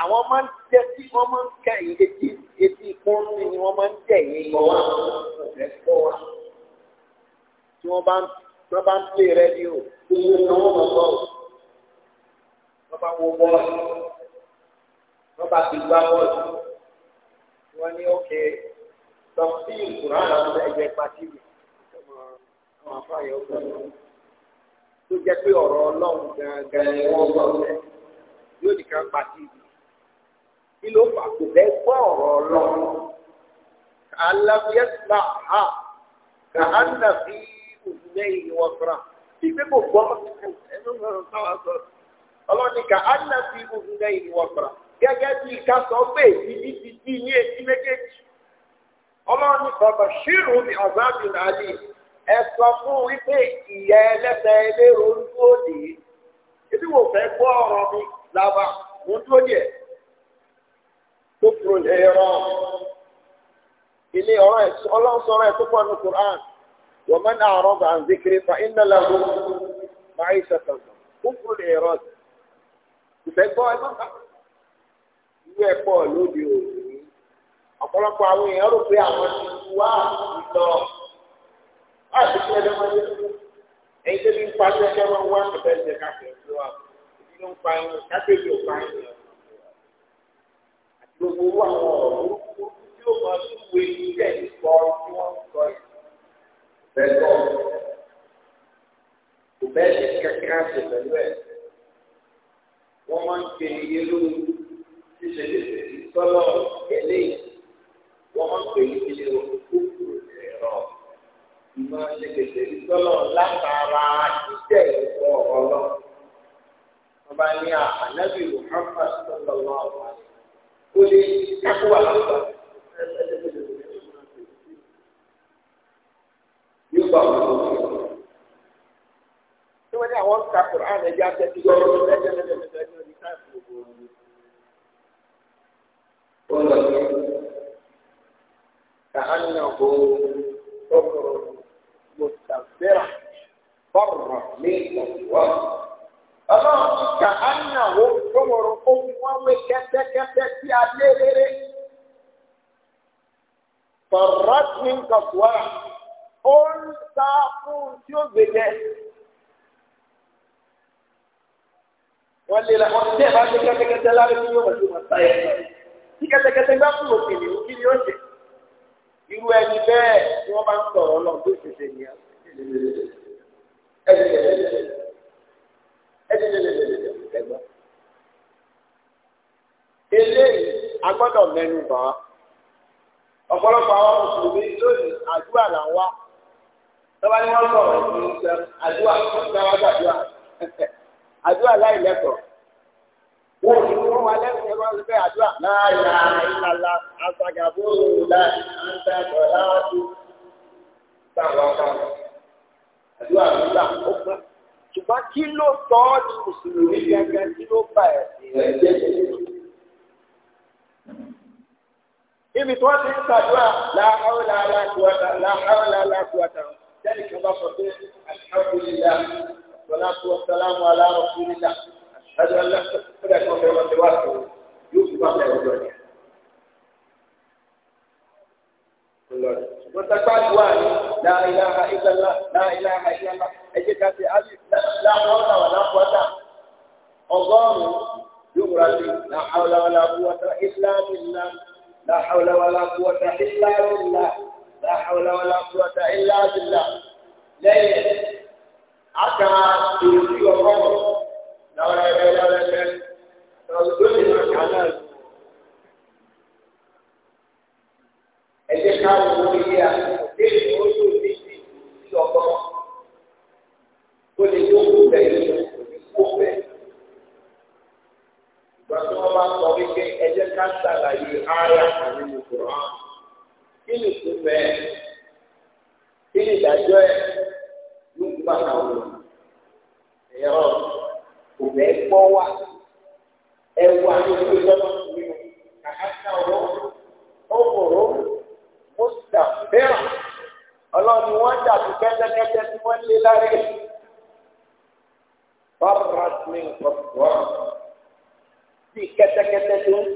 àwọn máa ń jẹ́ tí wọ́n máa ń ká yìí etí kúrúnì ni wọ́n máa ń jẹ̀ yìí tí wọ́n bá ń wọ́n bá ń pè rẹ́díò gbogbo ní wọ́n mọ̀ bọ́ọ̀ wọ́n bá wo bọ́ọ̀lù wọ́n bá fi gbá bọ́ọ̀lù wọ́n ní òkè lọ́sí ìkùrán àwọn ẹgbẹ́ pàtìwì àwọn afáyọ̀ ọ̀gbọ́n tó jẹ́ pé ọ̀rọ̀ ọlọ́run gangan ni wọ́n gbọ́ rẹ̀ yóò nìkan pàtìwì kí ló fà kò bẹ́ gbọ́ ọ̀rọ̀ ọlọ́run kàlàfíẹ́sì náà hà kàhánà bíi. اثنين وفرا في بيبو بوما الله نكا أنا في اثنين وفرا gẹ́gẹ́ bí sọ pé ìdí ti dí ní etí méjèèjì ọlọ́run bàbá ṣírù ní azabi nàlí ẹ sọ fún wípé ìyá ẹlẹ́sẹ̀ ebi wò fẹ́ gbọ́ ọ̀rọ̀ mi mo ń dúró tó ومن أعرض عن ذكري فإن له معيشة كفر الإيراد ìfẹ́gbọ́ ẹ máa ń bá irú ẹ̀ pọ̀ lóde òní ọ̀pọ̀lọpọ̀ àwọn èèyàn rò pé àwọn ti wá ìlọ láti fi ẹjọ́ máa yẹ ẹ̀yin tó ní ń paṣẹ ẹjọ́ máa wá ẹ̀fẹ́ ẹ̀jẹ̀ káfíń tó wà ìdí ló ń pa ẹ̀yìn káfíń ò pa ẹ̀yìn àti gbogbo owó àwọn ọ̀rọ̀ tí ó máa ń wé iṣẹ́ ìfọ́ Vergogna. Ubedi che grazie per lui.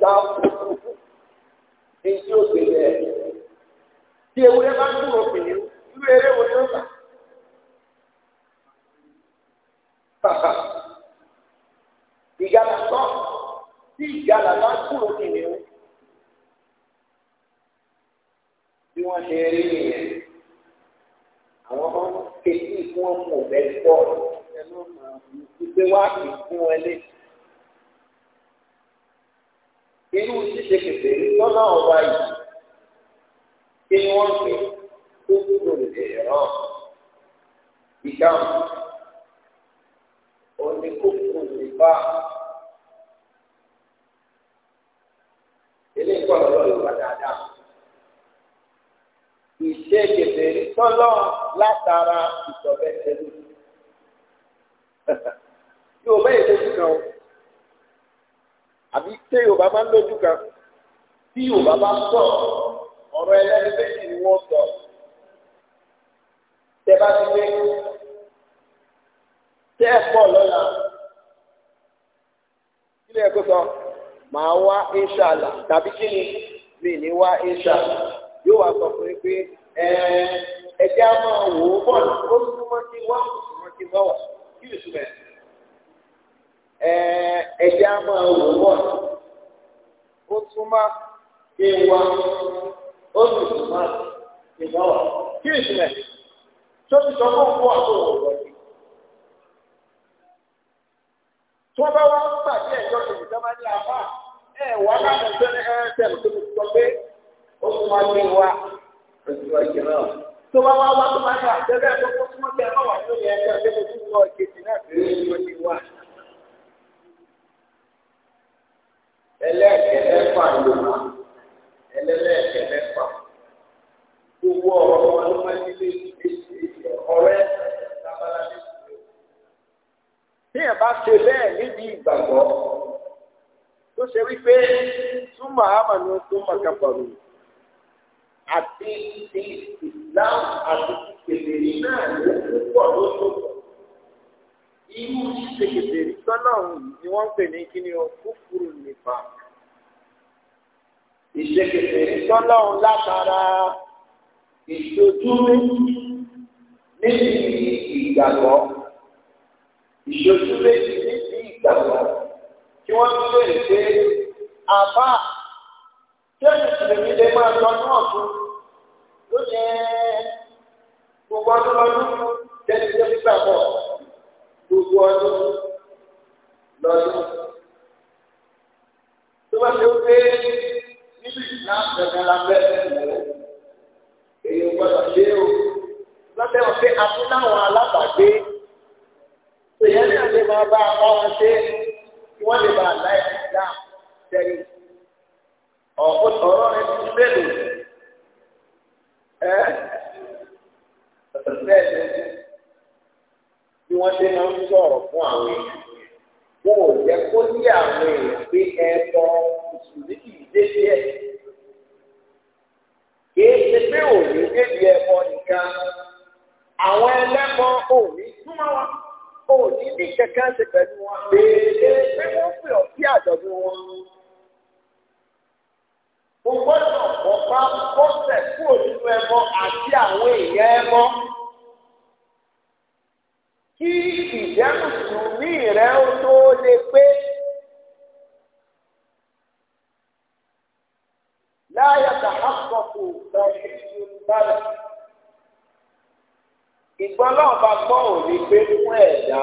stop Yorùbá bá ń sọ ọ̀rọ̀ ẹlẹ́ni méjì ni wọ́n sọ. Tẹ bá ti dé tẹ́ ẹ̀ pọ̀ lọ́la. Kílé ẹ̀kọ́ sọ, màá wá ìṣàlà tàbí kí ni mi ní wá ìṣàlà yóò wá sọ fún mi pé ẹ̀jẹ̀ á máa wò ó bọ̀ ní ó súnmọ́ kí wá ó súnmọ́ kí wá wà kí lè súnmọ́ ẹ̀ ẹ̀jẹ̀ á máa wò ó bọ̀ ní ó súnmọ́. Ewa n wá ó sì sùn máa ìgbọ́n wà kí ìsìnlẹ̀ tó ti sọ fún fún àtò òwò rẹ̀. tí wọ́n bá wá ń pàdé ẹ̀jọ́ tòun tó máa ní apá ẹlẹ́lẹ́ẹ̀kẹ́ mẹ́fà gbogbo ọ̀rọ̀ wọn ló máa ń gbé ìgbésí ọ̀rẹ́ lábala ní ìlú. bí ẹ̀ bá ṣe bẹ́ẹ̀ níbi ìgbàgbọ́ tó ṣe wípé túmọ̀ àmàlú tó mọ̀ kápọ̀rọ̀ àti ti Islam àti kèbèrè náà ló púpọ̀ lóṣooṣù irú ṣíṣe kèbèrè sọ́nà ni wọ́n ń pè ní kíni o kúkúrú nípa ìṣèkèfè tọ́lọ́run látara ìṣojúrú níbi ìgbàgbọ́ ìṣojúrú níbi ìgbàgbọ́ kí wọ́n tún lè ṣe àbá tí ẹ̀sìn tìrìmí lè máa lọ náà tún lónìí gbogbo ọdún lọ́dún tẹ́lẹ̀ tó fi gbàgbọ́ gbogbo ọdún lọ́dún tó bá ṣe ó pé lábẹ́rẹ́ lẹ́wọ̀ èyí gbọ́dọ̀ ṣe o lọ́tẹ̀ wọ́n pé atúnáwọn alábàgbé èyàn náà lè máa bá apá wọn ṣe kí wọ́n lè bá àlá ẹ̀sìn dá tẹ̀lé ọ̀rọ̀ kìí ṣe pé òní débi ẹ̀kọ́ nìkan àwọn ẹlẹ́kọ́ òní súnmọ́ wa òní ní kankan ṣe pẹ̀lú wọn béèrè pé wọ́n pè ọ́ àjọ̀dún wọn. mo gbọ́dọ̀ ọ̀pá kọ́sẹ̀ kúrò nínú ẹbọ àti àwọn èèyàn ẹbọ. kí ìjẹ́ mùsùlùmí rẹ ó tó lè pé. لا يتحقق تحريم البلد ìgbọ́lọ́ọ̀bá gbọ́ ò ní gbé fún ẹ̀dá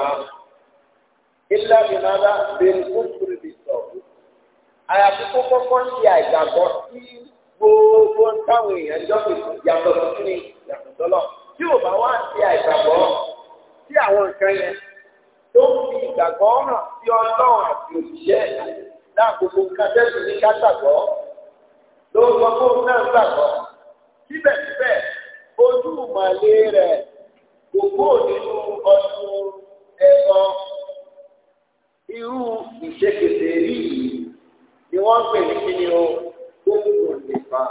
ilé ìnáda bẹ́ẹ̀ kúkúrú bí sọ̀rọ̀ àyàfi kó kọ́kọ́ ṣe àìgbàgbọ́ sí gbogbo táwọn èèyàn jọ fi yàtọ̀ sí ní yàtọ̀ tọ́lọ̀ tí ò bá wá ṣe àìgbàgbọ́ sí àwọn nǹkan yẹn tó fi ìgbàgbọ́ hàn sí ọlọ́run àti òṣìṣẹ́ láàgbogbo nǹkan tẹ́sí ní kátàgbọ́ ló sọ fún un náà gbàgbọ́ síbẹ̀síbẹ̀ ojú ìmọ̀lẹ́ rẹ̀ kò kó nínú ọdún ẹ̀kọ́ irú ìṣèkèsè rí yìí ni wọ́n ń pè ní kíni o gbóngbò nìfà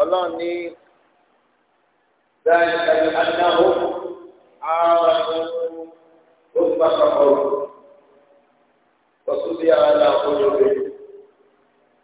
ọlọ́run ní dáhùn ẹ̀rọ adáwó àwọn ọ̀hún ó ń bá papọ̀ ọ̀tún bí ara ọ̀hún ló bẹ̀rẹ̀.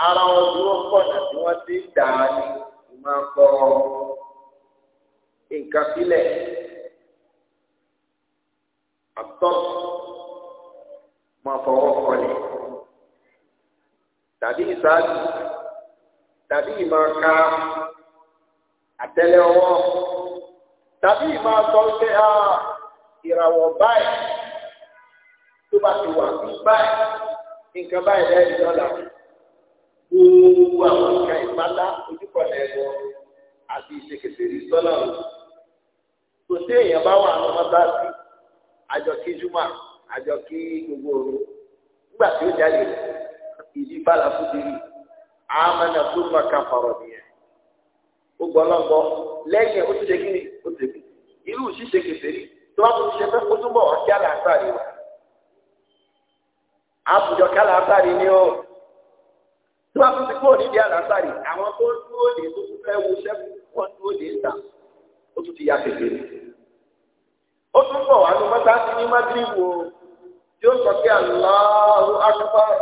ara wọn tí wọ́n kọ̀nà tí wọ́n ti dà á ní ìmọ̀ akọ nǹkan sílẹ̀ àtọ́ máa fọwọ́ kọlẹ̀ tàbí ìsáájú tàbí ìmọ̀ ká àtẹ́lẹ̀ ọwọ́ tàbí ìmọ̀ sọ pé a ìràwọ̀ báyìí tó bá ti wà ní báyìí nǹkan báyìí lẹ́yìn lọ́la gbogbo àwọn nǹkan ìpátá ojúkọ̀lẹ̀ ẹ̀kọ́ àti ìṣèkèsèrè sọ́lá o. kò sí èèyàn bá wà ní mọ́tàsí àjọ kí júmọ̀ àjọ kí gbogbo òru nígbà tí ó jáde ìdí bàlá fún diri àmàna tó fà ká fọ̀rọ̀ nìyẹn. ó gbọ́ lọ́gbọ́ lẹ́yìn ó ti ṣe kíni ó ti bì irú ṣíṣe kèsèrè tó wàá tó ṣe fẹ́ kó túbọ̀ ọ̀kí àlàáfàá rẹ̀ wá. àbùjọ kálàáfàá rẹ̀ ni ó tó àwọn tí kò ní di àlàsàrì àwọn tó dúró lè tó tún fẹ́ wo iṣẹ́ wọn dúró lè ń tà ó tún ti ya kékeré. ó tún bọ̀ wá ní mọ́tà sí ní madrid wo tí ó sọ pé Allahu akbar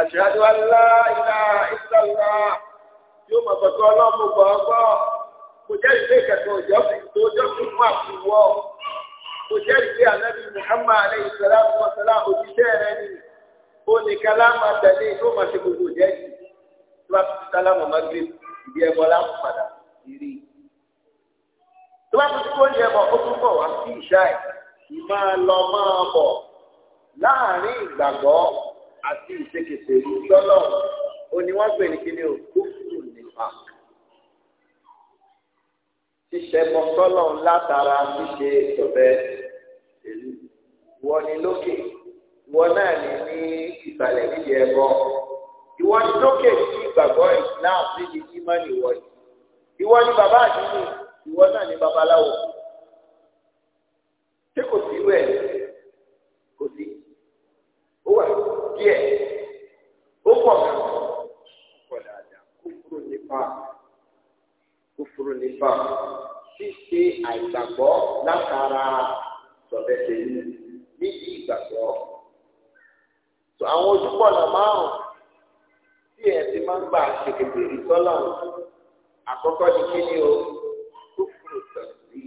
ashhadu an la ilaha illallah yóò mọ̀ pẹ̀lú ọlọ́mú gbọ̀ọ́gbọ́ kò jẹ́ ìgbé kẹ̀kẹ́ òjò òjò fún fún àfihàn kò jẹ́ ìgbé ànábì Muhammad alayhi salatu wa ó ní kálámà tẹ̀lé inú ma ṣe gbogbo jẹ́ ìdí tí wọ́n ti kálámà má gbé ìdí ẹ̀bọ láwọn padà ìrì. tí wọ́n ti kó oúnjẹ bọ̀ ó tún bọ̀ wá sí ìṣá ẹ̀ kì máa lọ máa bọ̀ láàrin ìgbàgbọ́ àti ìṣekèsè ìlú lọ́lọ́ òní wọ́n pè ní kíni o kúkú nípa. ṣíṣe bọ́ sọ́lọ́ látara ṣíṣe ìtọ̀bẹ ìlú wọ́n wọn náà ní ní ìsàlẹ̀ níbi ẹ̀kọ́ ìwọ ni lókè sí ìgbàgbọ́ islam níbi ìmánì ìwọ yìí ìwọ ni bàbá àdúgbò ìwọ náà ni babaláwo ṣé kò sí wẹ̀ kò sí ó wà díẹ̀ ó pọ̀ kan pọ̀ dáadáa kó kúrò nípa kó kúrò nípa ṣíṣe àìgbàgbọ́ látara sọ̀bẹ̀sẹ̀ yìí níbi ìgbàgbọ́ tó àwọn ojúbọ̀nà márùn tí ẹ̀ ti máa ń gbà ṣèkèkè rí sọ́lá àkọ́kọ́ ni kí ni o kúkúrú tẹ̀sí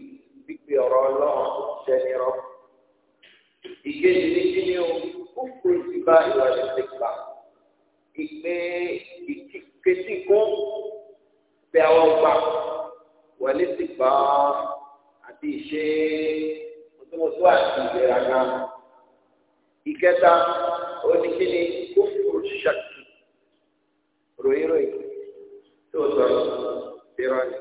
gbígbé ọ̀rọ̀ ọlọ́run ṣẹ́ni rọ. ìkejì ni kí ni o kúkúrú ìdìbà ìwà ìṣèkpà ìgbé ìkẹtìkún bẹ àwọn gbà wọlé ti gbà àti ìṣe mọ̀tòmọ̀tò àti ìlera náà. ìkẹta ó ní kí ni kúfùrù ṣàkì ròyìn ròyìn tó sọ ìrọ̀ ni.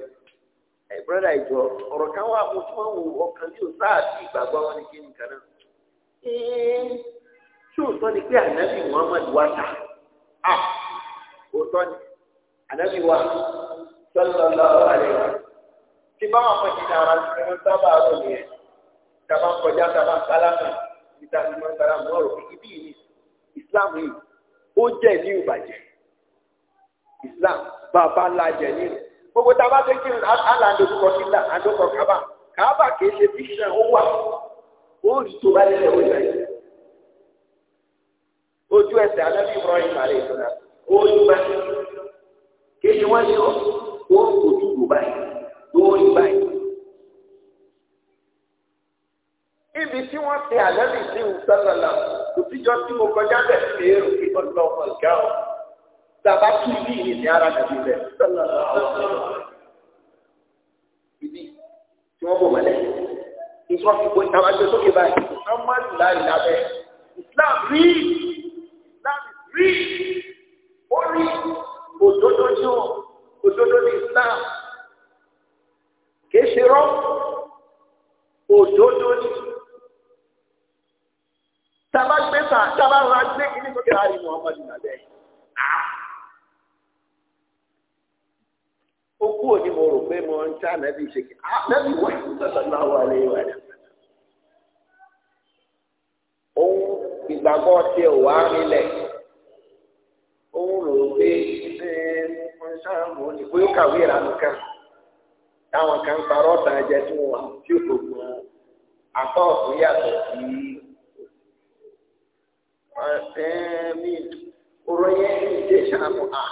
ẹ bírọ́dà ìjọ ọ̀rọ̀ kan wà mo tún wò ọkàn tí ò sáà sí ìgbàgbọ́ wọn ni kí ni kan náà. ṣé òótọ́ ni pé ànábì Muhammad wá ta á òótọ́ ni ànábì wá sallallahu alaihi wa tí bá wọn fọyín ara ti wọn sábà rò nìyẹn tàbá kọjá tàbá kálámà níta ni wọn gbára mọ ọ̀rọ̀ ibi yìí Islam yìí ó jẹ́ ní ìbàjẹ́ Islam bàbá ńlá jẹ́ ní rẹ̀ gbogbo tá a bá fẹ́ kírun àlà àdókòkò kílà àdókòkò kábà kábà kìí ṣe fíṣàn ó wà ó rí tó bá lẹ́lẹ̀ ó yà yìí ojú ẹsẹ̀ alábí ìmọ̀ràn ìmàlẹ̀ ìtura ó yí báyìí kí ni wọ́n yọ ó ojú kò báyìí ó yí báyìí. níbi tí wọ́n ti àlẹ́bí sí ìsọ́nàlà òtijọ́ tí mo kọjá bẹ̀ sí èrò kí wọ́n lọ ọmọ ìgá ọ̀ sábà kí ibi yìí ní ara nàbí rẹ̀ sọ́nàlà ibi tí wọ́n bò mọ́lẹ̀ ìtọ́ fi bó ìtawà tó sókè báyìí muhammadu láì lábẹ́ islam rí islam rí ó rí òdodo ní ọ òdodo ní islam kì í ṣe rọ òdodo ní. ali muhammad nàbẹ́ ah. ó kú òní mo rò pé mo ń tá nàbí ṣe kí ah, nàbí wà sallallahu alaihi wa sallam òun ìgbàgbọ́ tiẹ̀ wà nílẹ̀ òun rò pé ṣé mo ń sáàmù ní bóyá kàwé ìranú kan táwọn kan parọ́ ẹ̀jẹ̀ tí wọ́n wà tí àtọ̀ yàtọ̀ àmín ọ̀rọ̀ yẹn ní ìdè ṣàánú à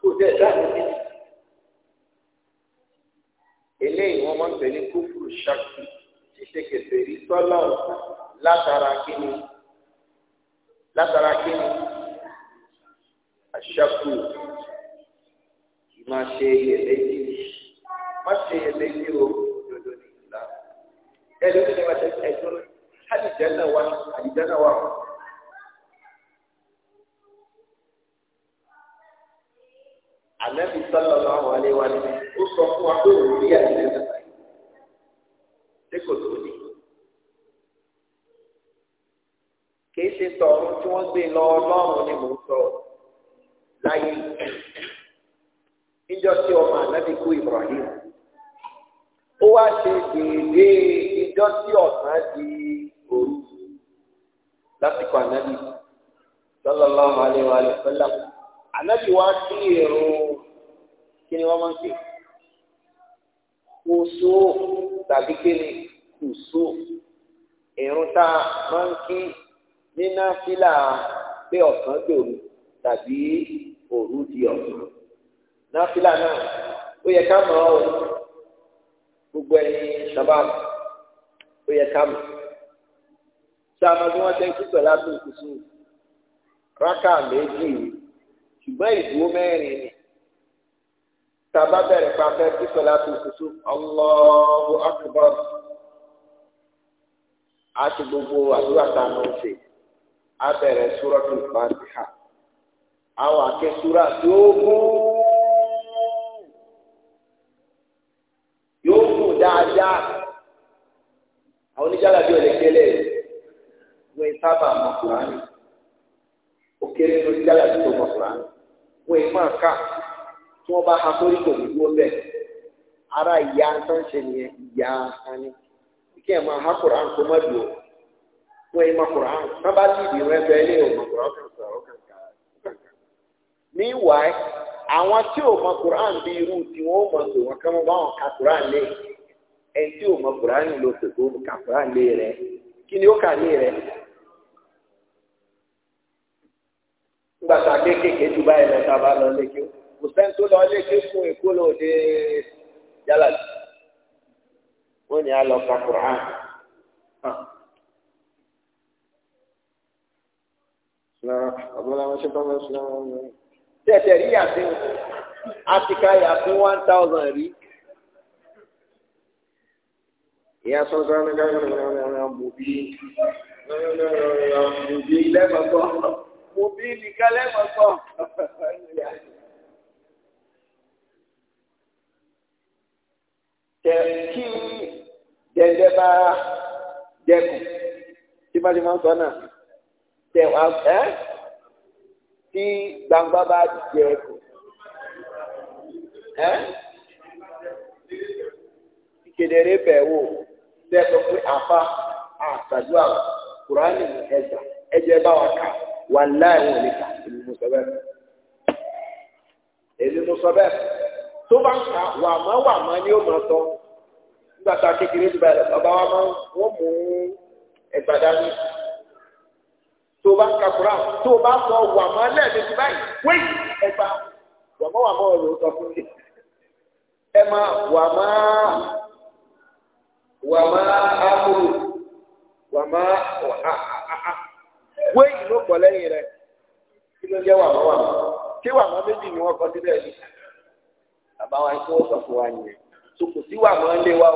kò dẹ̀ dáhùn mí. eléyìí wọ́n máa ń pè ní kófùrù ṣáàkì ṣíṣe kẹfẹ́ rí sọ́lá látara kíni látara kíni àṣàkù máa ṣe iyèméjì má ṣe iyèméjì o lọ́dọ̀ ní ìlà ẹni tó ní ṣe ẹjọ́ àdìjẹ́ náà wà àdìjẹ́ náà wà. ànábì sọlọ náà wà lé wa ni ó sọ fún wa pé òun rí àdéhùn náà ṣé kò tó ní. kìí ṣe tọ̀run tí wọ́n gbé lọ ọlọ́run ni mò ń sọ láyé níjọ tí ọmọ ànábì kú Ibrahim ó wá ṣe déédéé níjọ tí ọ̀sán di òru lásìkò ànábì sallallahu alaihi wa sallam ànábì wá sí ìrun kí ni wọ́n máa ń pè kùsù tàbí kí ni kùsù ìrun tá a máa ń kí ní náfìlà pé ọ̀sán dòru tàbí òru di ọ̀sán náfìlà náà ó yẹ ká mọ̀ ọ́ gbogbo ẹ̀yin sábàbù ó yẹ ká mọ̀ sáà bí wọ́n ṣe ń kí pẹ̀lú àtúntò sùn rákà méjì yìí. ṣùgbọ́n ìdúró mẹ́rin ni tàbá bẹ̀rẹ̀ pàfẹ́ kí sọlá tó tutù Allahu akbar gbogbo àdúrà tá a máa ṣe á bẹ̀rẹ̀ súrọ́tù àwọn akẹ́súrà yóò mú yóò mú dáadáa àwọn oníjàlá bí olèkélé wọ́n sábà mọ̀ kúránì ní oníjàlá bí wọ́n ì máa kà tí wọ́n bá ara ìyá tán ṣe nìyẹn ìyá ha má dùn ó máa tán bá ti dì rẹ bẹ́ẹ̀ ní ìwọ̀n Kùránì kan sọ̀rọ̀ kan àwọn tí ò mọ Kùránì bí irú tí wọn ò mọ wọn bá wọn ka lé ẹni tí ò mọ kó ka lé nígbà tá a kéékèèké ju báyìí lọ tá a bá lọ lékè kò sẹ́ni tó lọ lékè fún èkó lò dé yálà jù wọ́n ní alọ ka Qur'an tẹ̀tẹ̀ rí yàtọ̀ áfíríkà yàtọ̀ one thousand rí ìyá sọ́sọ́ ní káyọ̀ ní ọ̀rẹ́ ọ̀rẹ́ ọ̀bùbí ọ̀rẹ́ ọ̀rẹ́ ọ̀bùbí lẹ́gbọ̀gbọ́ mo bí nìkan lẹ́mọ̀ gbọ́. kí dẹ̀dẹ̀ bá dẹkùn tí bá ti máa ń sọ náà tẹ̀ wá ẹ́ tí gbangba bá dẹkùn ẹ́ kedere bẹ̀ wò dẹ́kun pé àfa àtàdúrà kùránì ẹ̀jẹ̀ bá wa kà wà láì wọn ò lè kà èmi mo sọ bẹ́ẹ̀ èmi mo sọ bẹ́ẹ̀ tó bá ń kà wà má wà má ni ó máa sọ nígbà tá a kékeré ti báyìí bàbá wa máa wọ́n mú ẹgbàá dání tó bá ń ka kura tó bá sọ wà má lẹ́ẹ̀mejì báyìí wéyì ẹgbàá wà má wà má ọ̀rọ̀ sọ fún mi ẹ máa wà má wà má ámúrò wà má wà á. wéyìn ló pọ̀ lẹ́yìn rẹ̀ kí ló jẹ́ wàmọ́ wàmọ́ kí wàmọ́ méjì ni wọ́n kọ́ síbẹ̀ yìí bàbá wa kí wọ́n sọ fún wa nìyẹn tó sí ń lé wa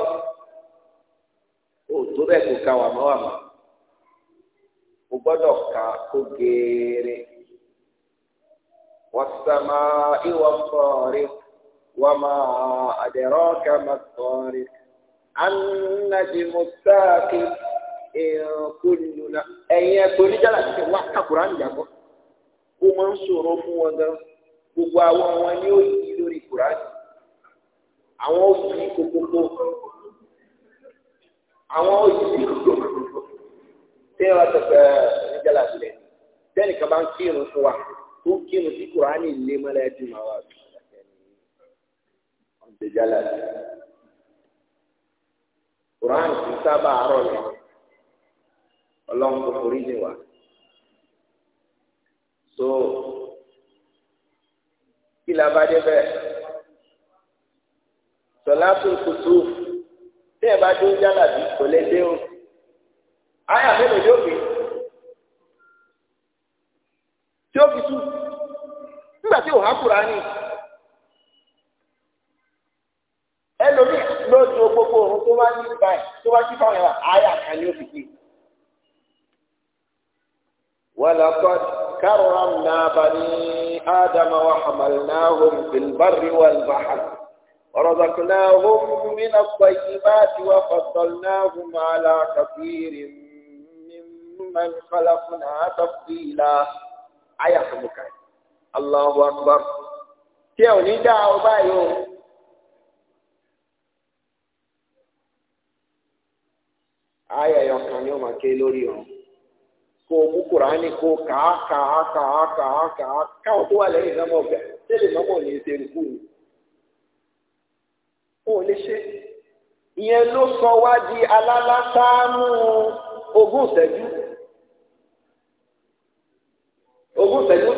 o ò tó bẹ́ẹ̀ kò ka wàmọ́ wàmọ́ o gbọ́dọ̀ ka kó geere wàsàmà ìwà àdẹ̀rọ̀ ẹ̀rọ̀kọ́ nínú náà ẹ̀yin ẹ̀kọ́ oníjàlá ti wá kàkúrà níjàgbọ́ ó máa ń ṣòro fún wọn gan gbogbo àwọn wọn ni ó yí lórí kùránì àwọn ó yí kókókó àwọn ó kókókó tẹ́ wọn tẹ̀sẹ̀ oníjàlá tilẹ̀ tẹ́nìkan bá ń kírun fún wa tó kírun sí kùránì lé mọ́lẹ́ ẹ̀dùn máa wà ọ̀dẹ̀jàlá tilẹ̀ kùránì ti sábà rọ̀ lẹ́yìn ọlọ́run tó forí jì wá so kí la bá dé bẹ́ẹ̀ sọlá tó kutu tí ẹ bá dún jálàbí kò lè dé o àyà mélòó yóò fi tí ó fi tú nígbà tí ò há kúra ni ẹlòmíì lójú gbogbo òun tó wá ní báyìí tó wá sí fáwọn ẹwà àyà kan ni ولقد كرمنا بني آدم وحملناهم في البر والبحر ورزقناهم من الطيبات وفضلناهم على كثير ممن خلقنا تفضيلا أيحمك الله أكبر تيو نجا وبايو آية يوم كان يوم كيلوريون kó mú kùránì kó ka ka ka ka ka ka tó wà lẹ́yìn náà mọ̀ bẹ́ẹ̀ tẹ́lẹ̀ mọ́mọ́ ò ní ṣe rúkú ni ò lè ṣe ìyẹn ló sọ wá di alálàtàánú ogún ìṣẹ́jú ogún ìṣẹ́jú ó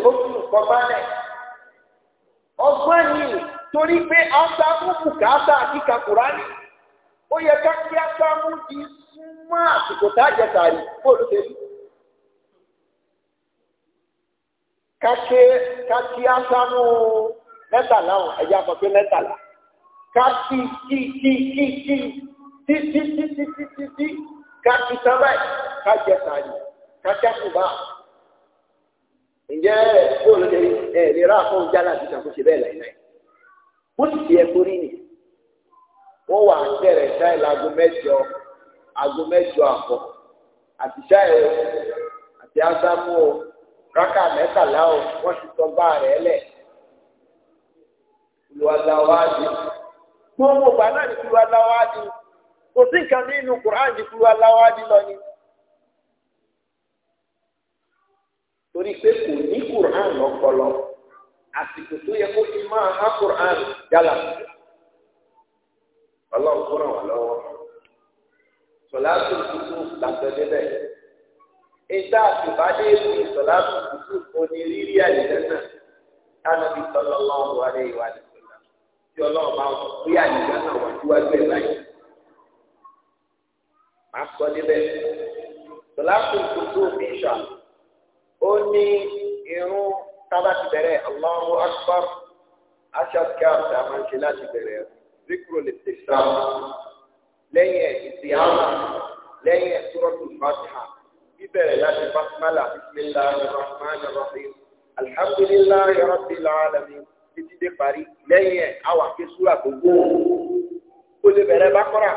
torí pé bùkátà kíka ó yẹ ká kí di súnmọ́ àsìkò kake kaki asanu mẹ́tàlá o ẹyà mọ̀ pé mẹ́tàlá kaki ki ki ki ki ti ti ti ti ti ti ti kaki sábà kajẹ sàlì kaki àkùbá ǹjẹ́ bóòlù ni ẹ ìlera àfọwọ́ jálá àti ìṣàkóso bẹ́ẹ̀ láìláì bó ti di ẹ̀kọ́ rí ni wọ́n wà bẹ̀rẹ̀ sáì láago mẹ́jọ aago mẹ́jọ àbọ̀ àti sáì àti ásámú o rákà mẹ́tàlá o wọ́n ti sọ bá rẹ̀ lẹ̀ olùwàláwájú gbogbo ìgbà náà ni olùwàláwájú kò sí nǹkan nínú Kùránì ju olùwàláwájú lọ ni. torí pé kò ní Kùránì lọ́pọlọ àsìkò tó yẹ kó fi máa há Kùránì yálà ọlọ́run kúrò wà lọ́wọ́ sọlá tó tutù làtọ́ débẹ̀ ìta àtìbádé ìlú ìsọ̀láàbù kùtù onírírí àdìdẹ́nà tánàbí sọ̀rọ̀ ọlọ́run wà lẹ́yìn wà ní ìgbà tí ọlọ́run bá wọ̀ bí àdìdẹ́nà wà níwájú ẹ̀ báyìí. Màá sọ níbẹ̀. Sọ̀láàbù kùtù bíṣà ó ní irun tábà ti bẹ̀rẹ̀ Allahu Akbar aṣọ́kẹ́ àti àmàṣe láti bẹ̀rẹ̀ zikro lè tẹ̀sán lẹ́yìn ẹ̀ ìsìyàwó lẹ́yìn ẹ̀ bíbẹ̀rẹ̀ láti basmala bisimilahi rahman rahim alhamdulilayi rabbil alamin títí dé parí lẹ́yìn ẹ̀ àwọn akésúra tó gbóò kó lè bẹ̀rẹ̀ bákọ́ra.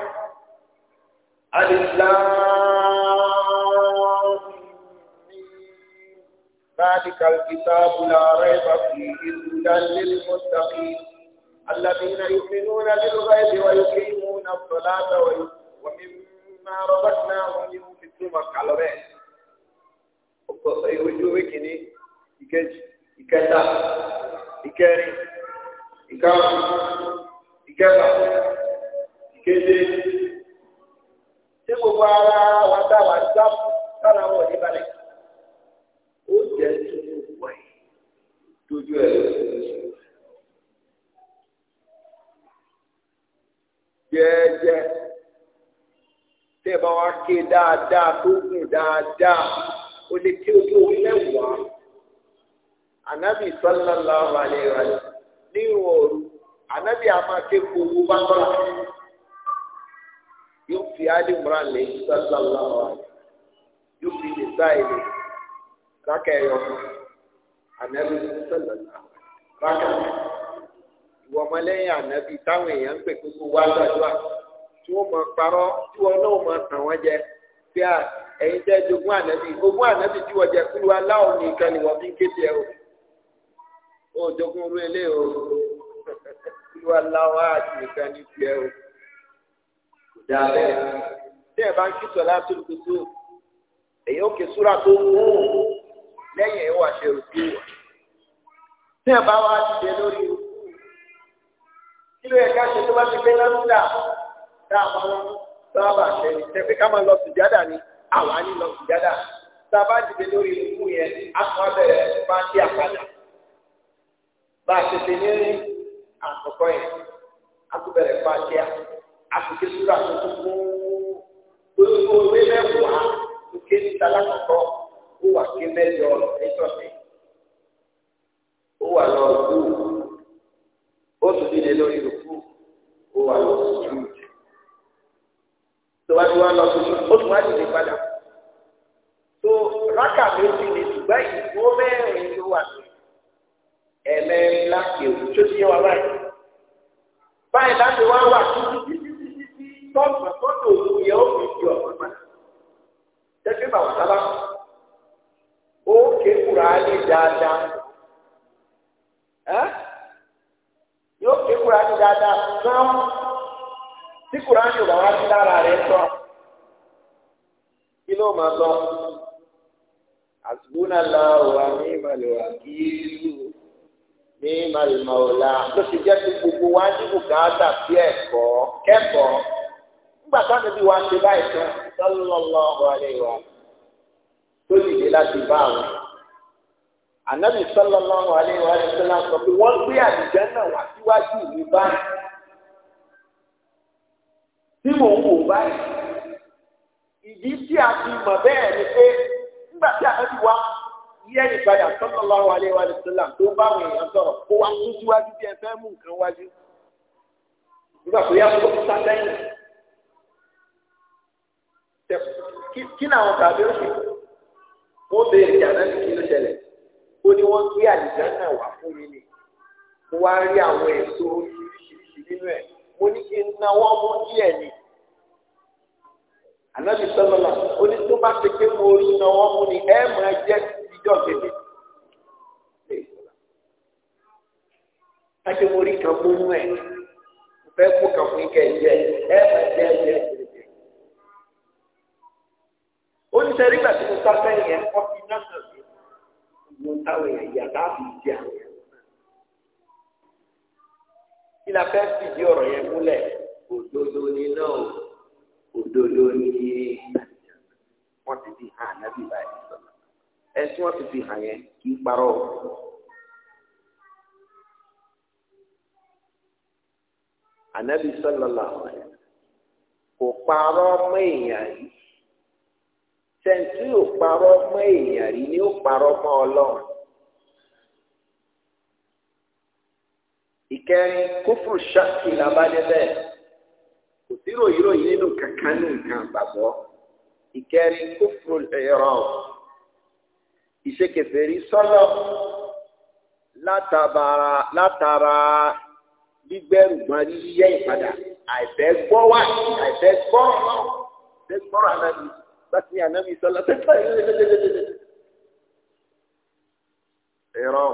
alilaami ذلك الكتاب لا ريب فيه هدى للمتقين الذين يؤمنون بالغيب ويقيمون الصلاة ومما رزقناهم ينفقون على بيت ojú ìwé kìíní ìkejì ìkẹta ìkẹrin ìkarùn ìkẹfà ìkeje tí gbogbo ara wa dá wa dá sára wọ níbalẹ̀ ó jẹ́ tuntun wọ̀ ẹ́ dojú ẹ̀ jẹ́ẹ́jẹ́ tẹ́ bá wa ké dáadáa o lè kí ojú omi mẹ́wàá anabi sallallahu alayhi wa sallam ní ìwọ̀ọ̀rù anabi amáké kowó bá ń bá yóò fi adi mìíràn lè sallallahu alayhi yóò fi lè sáyẹlẹ rákẹyọ anabi sallallahu rákẹyọ ìwọ ọmọlẹ́yìn anabi táwọn èèyàn ń pè kókó wá gbàdúrà tí wọ́n mọ̀ parọ́ tí wọ́n náà mọ̀ tàn wọ́n jẹ pé ẹ̀yin tẹ́ jogún ànábì ogún ànábì tí wọ́n jẹ kúrú aláwọ̀ nìkan ni wọ́n fi ń kéde ẹ̀ o ò jogún orú ilé o kúrú aláwọ̀ àti nìkan ní tiẹ̀ o kò dáa bẹ́ẹ̀ tí ẹ̀ bá ń kí sọ̀lá tó lùkù tó èyí ó ké súra tó mú lẹ́yìn ẹ̀ wà ṣe òkú wà tí ẹ̀ bá wá dìde lórí o kí ló yẹ ká ṣe tó bá ti gbé lọ́dún dà dáa máa ń sábà ṣe ní tẹ́fí ká máa lọ sùjádà ni àwa nílọ ìjádà tá a bá dìde lórí ikú yẹn a kàn bẹ̀rẹ̀ bá ń dí àpàdà bá a tètè ní àkọ́kọ́ yẹn a tún bẹ̀rẹ̀ bá a dí à àtúnké súra tó kún fún gbogbo ewé mẹ́wàá tó ké níta lákòókò ó wà ké mẹ́jọ nítòsí ó wà lọ rúkú ó tún dìde lórí rúkú ó wà lọ sùúrù tọ́wá tí wọ́n lọ sí ó tún wá dìde padà. tó rákà méjì ni ṣùgbọ́n ìdúró mẹ́rin ló wà ní ẹ̀mẹ́rin láti èwù tó ti yẹ wá báyìí. báyìí láti wá wà títí títí títí tí òun yẹ ó fi di ọ̀pọ̀ padà. tẹ́tí bàwọ̀ sábà ó kékùrà á lè dáadáa. yóò kékùrà á lè dáadáa gan tí kùránì ò bá wá sí lára rẹ̀ sọ kí ló máa sọ àsìkúnà lọ wà ní ìmàlùwà kí ìlú ní ìmàlùmọ̀ ọ̀la ló ti jẹ́ pé gbogbo wa ní bùkátà sí ẹ̀kọ́ kẹ́kọ̀ọ́ nígbà táwọn ibi wa ṣe báyìí tán sọlọ́lọ́ ọ̀rẹ́ wa tó dìde láti bá àwọn. ànábì sọlọ́lọ́ ọ̀rẹ́ wa ṣe láǹkọ̀ pé wọ́n gbé àdìjẹ́ náà wá síwájú ìlú báyìí tí mò ń wò báyìí ìdí tí a fi mọ̀ bẹ́ẹ̀ ni pé nígbà tí a ti wá yí ẹ̀yìn padà sallallahu alaihi wa sallam tó bá àwọn èèyàn sọ̀rọ̀ kó wá tún síwájú bí ẹ fẹ́ mú nǹkan wájú nígbà tó yá tó sá lẹ́yìn kí ni àwọn tàbí ó ṣe ó béèrè ìjà náà ní ó ní wọ́n gbé àlìjá náà wá fún mi ni mo wá rí àwọn èso oríṣiríṣi nínú ẹ̀ mo ní kí n na wọ́n mú díẹ̀ ni ànábì sọlọ́lá ó ní tó bá ti pé mo rí na wọ́n mú ni ẹ máa jẹ́ ìjọ kejì. Káṣí mo rí kan fún ẹ̀ mo fẹ́ kó kan fún ikẹ̀ jẹ ẹ máa jẹ́ ẹ̀jẹ̀ ó ní sẹ́rí gbàtí mo sá sẹ́yìn ẹ̀ kọ́ fi náà sọ̀rọ̀ mo táwọn èèyàn yàtá àbí ìdí àwọn kí la fẹ́ fìdí ọ̀rọ̀ yẹn múlẹ̀ òdodo ni náà òdodo ni wọ́n ti fi hàn nábì báyìí ẹ tí wọ́n ti fi hàn yẹn kì í parọ́ ànábì sallallahu alaihi kò parọ́ mọ́ èèyàn rí sẹ́ńtì ò parọ́ mọ́ èèyàn rí ni ó parọ́ mọ́ ọlọ́run. ìkẹrin kófòrò ṣáàkì làbádé bẹ́ẹ̀ kò sí ròyìnròyìn nínú kankan ní nǹkan àgbàgbọ́ ìkẹrin kófòrò ẹ̀rọ ìṣekèfèrí sọ́lọ́ látara látara gbígbẹ́rù gbọ́n yíyẹ́ ìpadà àìfẹ́ gbọ́ wá àìfẹ́ gbọ́ ọ̀nà àìfẹ́ gbọ́ ànábi láti ànábi sọ́lọ́ tẹ́tẹ́ ẹ̀rọ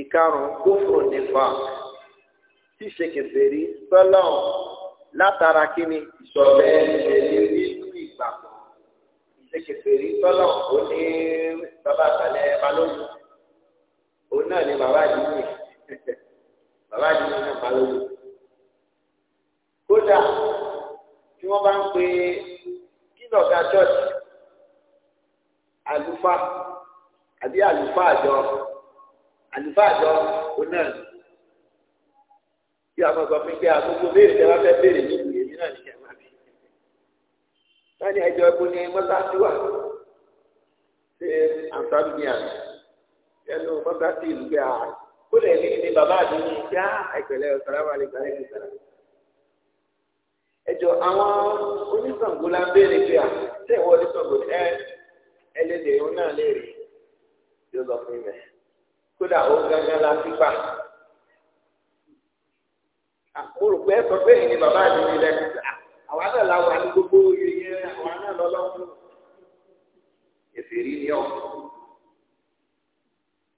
ìkarùn kófòrò nípa ṣíṣe kẹfẹẹrí sọlọrun látara kíni ìṣọ̀lẹ̀ ìṣẹ̀lẹ̀ nínú ìgbàgbọ́ ṣíṣe kẹfẹẹrí sọlọrun ó ní bàbá àtàlẹ balógun òun náà ni bàbá àdìmí bàbá àdìmí náà balógun kódà tí wọn bá ń pe kí lọgá church àlùfáà àbí àlùfáà àjọ àlùfáà jọ òun náà ni bí a máa sọ fún pé àgbogbo béèrè tẹ bá fẹ́ béèrè ní ìlú èmi náà nìyẹn máa bí sani ẹjọ ẹkún ní mọ́sáàtì wà ṣe àǹfààní ní àná ẹnu mọ́sáàtì ìlú gbé àá ó lè ní ní bàbá àdúgbò ìjà ìpẹ̀lẹ̀ ọ̀sáráwá lè gbà lẹ́yìn ìsára ẹjọ àwọn onísàngó la béèrè pé à ṣé ìwọ onísàngó ẹ ẹlẹ́dẹ̀ẹ́ òun náà yóò lọ fún ibẹ̀ kódà ó gángan la fi gbà àkóròpé ẹsọ pé èyí ni bàbá mi ní lẹ́nu àwa náà la wà ní gbogbo oyè yẹn àwa náà lọ́lọ́run èsì rí ni ọ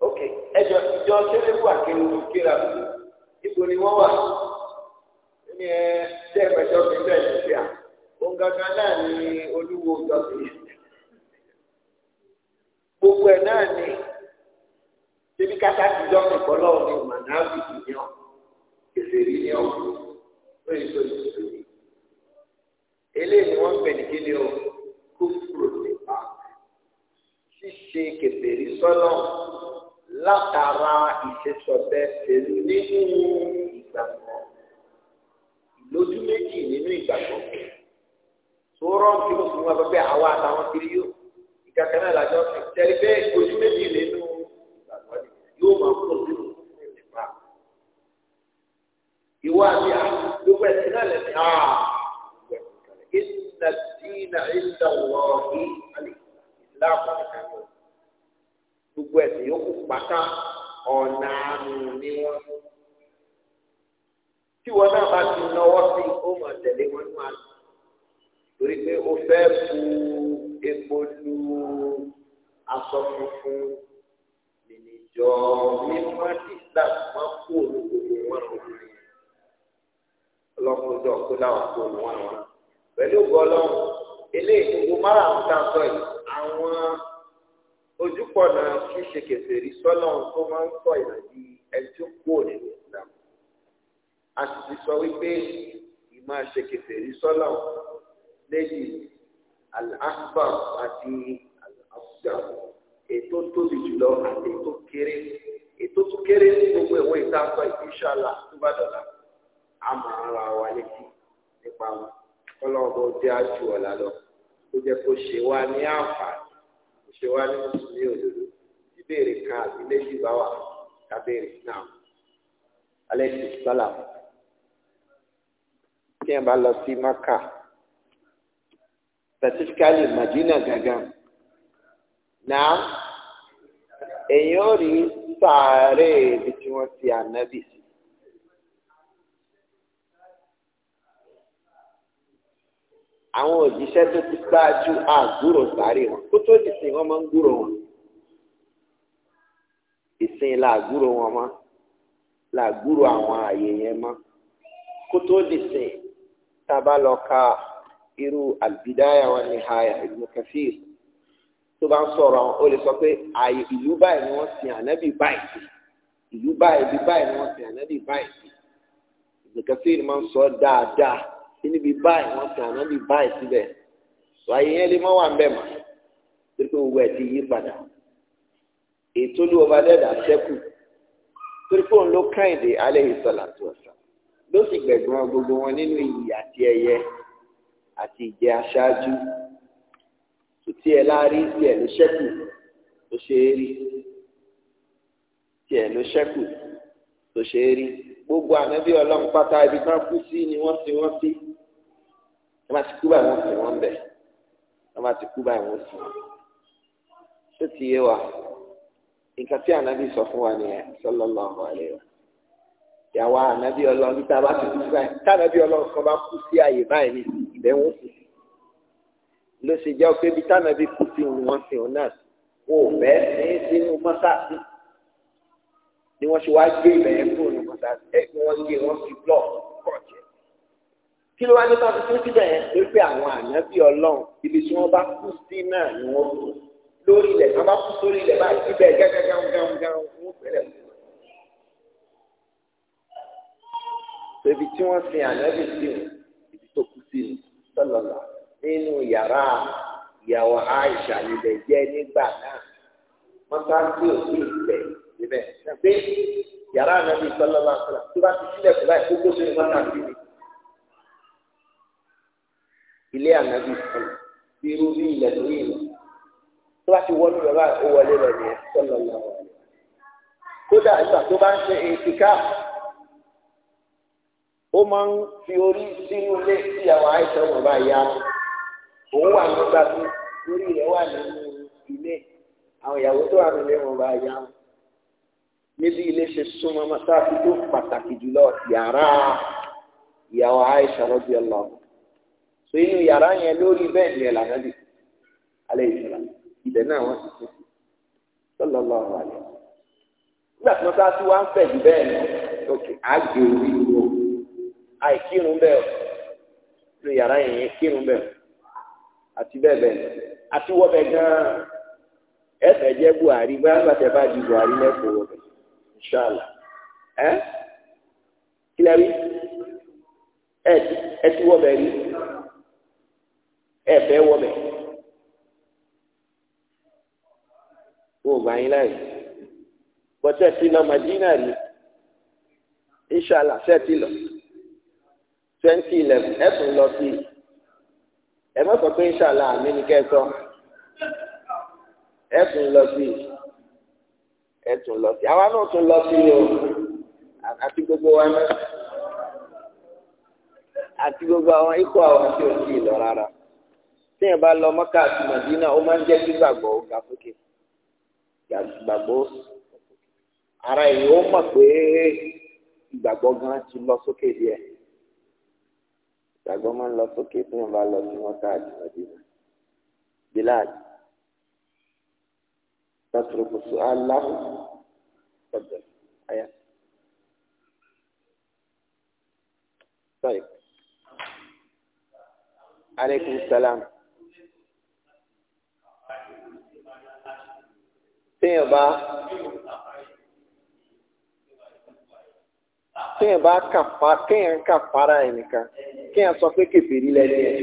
ok ẹjọ ìjọ sẹlẹbù àkéwù kéra ibo ni wọn wà ní ẹ dẹ́gbẹ̀jọ mi bẹ́ẹ̀ ní fìyà òun gángan náà ni olúwo ìjọ sí gbogbo ẹ̀ náà ni débi kátà ti jọ ẹ̀kọ́ lọ́wọ́ ní màdáàbì ní ọ kẹsẹ̀ rí ní ọ lórí tó ní ìṣòro eléyìí wọ́n pè ní kíni o kó kúrò ní pa ṣíṣe kẹsẹ̀ rí sọ́nà látara ìṣesọ̀tẹ̀ pẹ̀lú nínú ìgbàgbọ́ lójú méjì nínú ìgbàgbọ́ tó rọ́ọ̀kì ló fún wa pé àwa àtàwọn kiri yóò ìkàkẹ́ náà làjọ fi tẹ̀lé bẹ́ẹ̀ méjì nínú yóò máa pọ̀ sí ìgbà. Ìwọ àti àgbègbè ẹ̀sìn náà lẹ́sìn náà. إن الدين عند الله الإسلام والكافر gbogbo ẹ̀sìn yòókù pátá ọ̀nà àrùn ni wọ́n. tí wọn náà bá ti náwó sí ó mọ̀ tẹ̀lé wọn ní wọn. torí pé o fẹ́ bu epo lu aṣọ funfun ìjọ mímọ́ islam máa kú olùkókò wọn lòdì ọlọ́kùnrin ọ̀kú láwọn kú olùwọ̀n wọn pẹ̀lú gọlọ́n eléyìí gbogbo márùn-ún tá a sọ yìí àwọn ojúpọ̀nà ṣíṣe kẹfẹ́rí sọ́lọ́run tó máa ń sọ ìrìnàjì ẹni tó kú nínú islam a sì ti sọ wípé ìmáa ṣe kẹfẹ́rí sọ́lọ́run lẹ́yìn al-akbar àti al-asghar ètò tóbi jùlọ àti ètò kéré ètò tó kéré ní gbogbo ìwé ìtàkọ ìṣàlà tó bá dọ̀la a máa ra wa létí nípa wọn kọlọ́ọ̀bọ jẹ́ àjù ọ̀la lọ ó jẹ́ kó ṣe wá ní àǹfààní kó ṣe wá ní mùsùlùmí òdodo ìbéèrè kan àbí méjì bá wà kábéèrè náà alẹ́ sì sọ́là tí ẹ̀ bá lọ sí maka specifically Madina gangan náà èyàn ò rí sàárè ibi tí wọ́n ti ànábì sí. àwọn òjíṣẹ́ tó ti gbájú àgúrò sáré wọn kó tó di sìn wọn máa ń gúrò wọn ìsìn làgúrò wọn mọ́ làgúrò àwọn àyè yẹn mọ́ kó tó di sìn tá a bá ka irú àlùbídáyà wọn ní Ibn Kathir tó bá ń sọ̀rọ̀ àwọn ó lè sọ pé ààyè ìlú báyìí ni wọ́n sin ànábì báyìí sí ìlú báyìí ibi báyìí ni wọ́n sin ànábì báyìí sí nìkan sí ni máa ń sọ dáadáa níbi báyìí wọ́n sin ànábì báyìí síbẹ̀ wáyé yẹn lè má wà ń bẹ̀ mọ́ torí pé owó ẹ̀ ti yí padà ètò olúwọba dẹ́dà sẹ́kù torí pé òun ló káyìndé alayhi salatu wassalam ló sì gbẹ̀gbọ́n gbogbo wọn nínú iyì àti ẹ̀yẹ àti ìjẹ aṣáájú tí ẹ láàrí tí ẹ ló ṣẹ́kù tó ṣe é rí tí ẹ ló ṣẹ́kù tó ṣe é rí gbogbo ànábì ọlọ́run pátá ibi tán kú sí ni wọ́n ti wọ́n sí wọ́n bá ti kú báyìí wọ́n sì wọ́n bẹ̀ wọ́n bá ti kú báyìí wọ́n sì wọ́n tó ti yé wa nǹkan tí ànábì sọ fún wa nìyẹn sallallahu alaihi wa ìyàwó ànábì ọlọ́run níta bá ti kú sí báyìí tá ànábì ọlọ́run kan bá kú sí àyè báyìí ní ìbẹ̀ wọ́n sì sí ló ṣe jẹ́ pé bí tánàbí kú sí òun wọn fi òun náà wọn ò fẹ́ ní sínú mọ́sáàsì ni wọ́n ṣe wá gbé ibẹ̀ yẹn kúrò ní mọ́sáàsì ẹ̀ kí wọ́n gbé wọn fi blọ́ọ̀kì kọ̀ọ̀jẹ́ kí ló wá ní ká tuntun síbẹ̀ yẹn ló pé àwọn ànábì ọlọ́run ibi tí wọ́n bá kú sí náà ni wọ́n kú lórí ilẹ̀ tí wọ́n bá kú sórí ilẹ̀ báyìí síbẹ̀ gángangangangan wọ́n fẹ́rẹ̀ kú. ibi tí wọ́n sin ànábì sí ibi tó kú sí ni sọ́lọ́lá nínú yàrá ìyàwó Aisha níbẹ̀ jẹ́ nígbà náà mọ́sáàsì òsì ìfẹ́ níbẹ̀ pé yàrá ànábi sọlọ́lá sọlá tó bá ti sílẹ̀ kó báyìí kókó sórí mọ́sáàsì ni ilé ànábi sọlá bí irú bí ilẹ̀ tó yìí lọ tó bá ti wọlé lọ báyìí ó wọlé lọ nìyẹn sọlọ́lá kódà ìgbà tó bá ń ṣe èsì ó máa ń fi orí sínú ilé tí àwọn àìsàn wọn bá yá òun wà ní gbàgbé lórí rẹ̀ wà nínú ilé àwọn ìyàwó tó wà nílé wọn bá yá wọn níbi ilé ṣe súnmọ́ mọ́sáàfì tó pàtàkì jùlọ yàrá ìyàwó Aisha radiyallahu so inú yàrá yẹn lórí bẹ́ẹ̀ ni ẹ̀ lànàbì alẹ́ ìṣẹ̀lá ibẹ̀ náà wọ́n ti tẹ̀sí sallallahu alaihi nígbà tí wọ́n sá sí wá ń fẹ̀ jù bẹ́ẹ̀ ni òkè àgbè orí àìkírun bẹ́ẹ̀ lórí yàrá yẹn kírun bẹ́ẹ̀ àti bẹ́ẹ̀ bẹ́ẹ̀ àti wọ́bẹ̀ gan-an ẹ̀fẹ̀ jẹ́ Buhari bá gbàtẹ́ bá di Buhari lẹ́kọ̀ọ́ wọ́bẹ̀ inṣàlá ẹ́ kílẹ̀ rí ẹ ti wọ́bẹ̀ rí ẹ̀fẹ̀ wọ́bẹ̀ wò gbà yín láyé bọ́tẹ́ ti lọ Madina rí inṣàlá ṣẹ́ẹ̀tì lọ twenty eleven ẹ̀sùn lọ sí i ẹ má sọ pé inṣàlá àmì ni kẹ́ ẹ sọ ẹ tún lọ sí ẹ tún lọ sí àwa náà tún lọ sí o àti gbogbo wa náà àti gbogbo àwọn ikọ̀ àwọn tí ò sí lọ rárá téèyàn bá lọ mọ́kà àti mọ̀dínà ó máa ń jẹ́ kí gbàgbọ́ ga gbàgbọ́ ara èyí ó mọ̀ pé ìgbàgbọ́ gan ti lọ sókè díẹ̀ gbàgbọ́ máa ń lọ sókè tí wọ́n bá lọ sí mọ́tà àdìmọ́dé náà. bilal tatruku su'alahu tafadhal aya طيب عليكم السلام téèyàn kéèyàn bá kàfà kéèyàn kàfàrà ẹ̀ nìkan kéèyàn sọ pé kèfèrí lẹ́ni ẹ̀.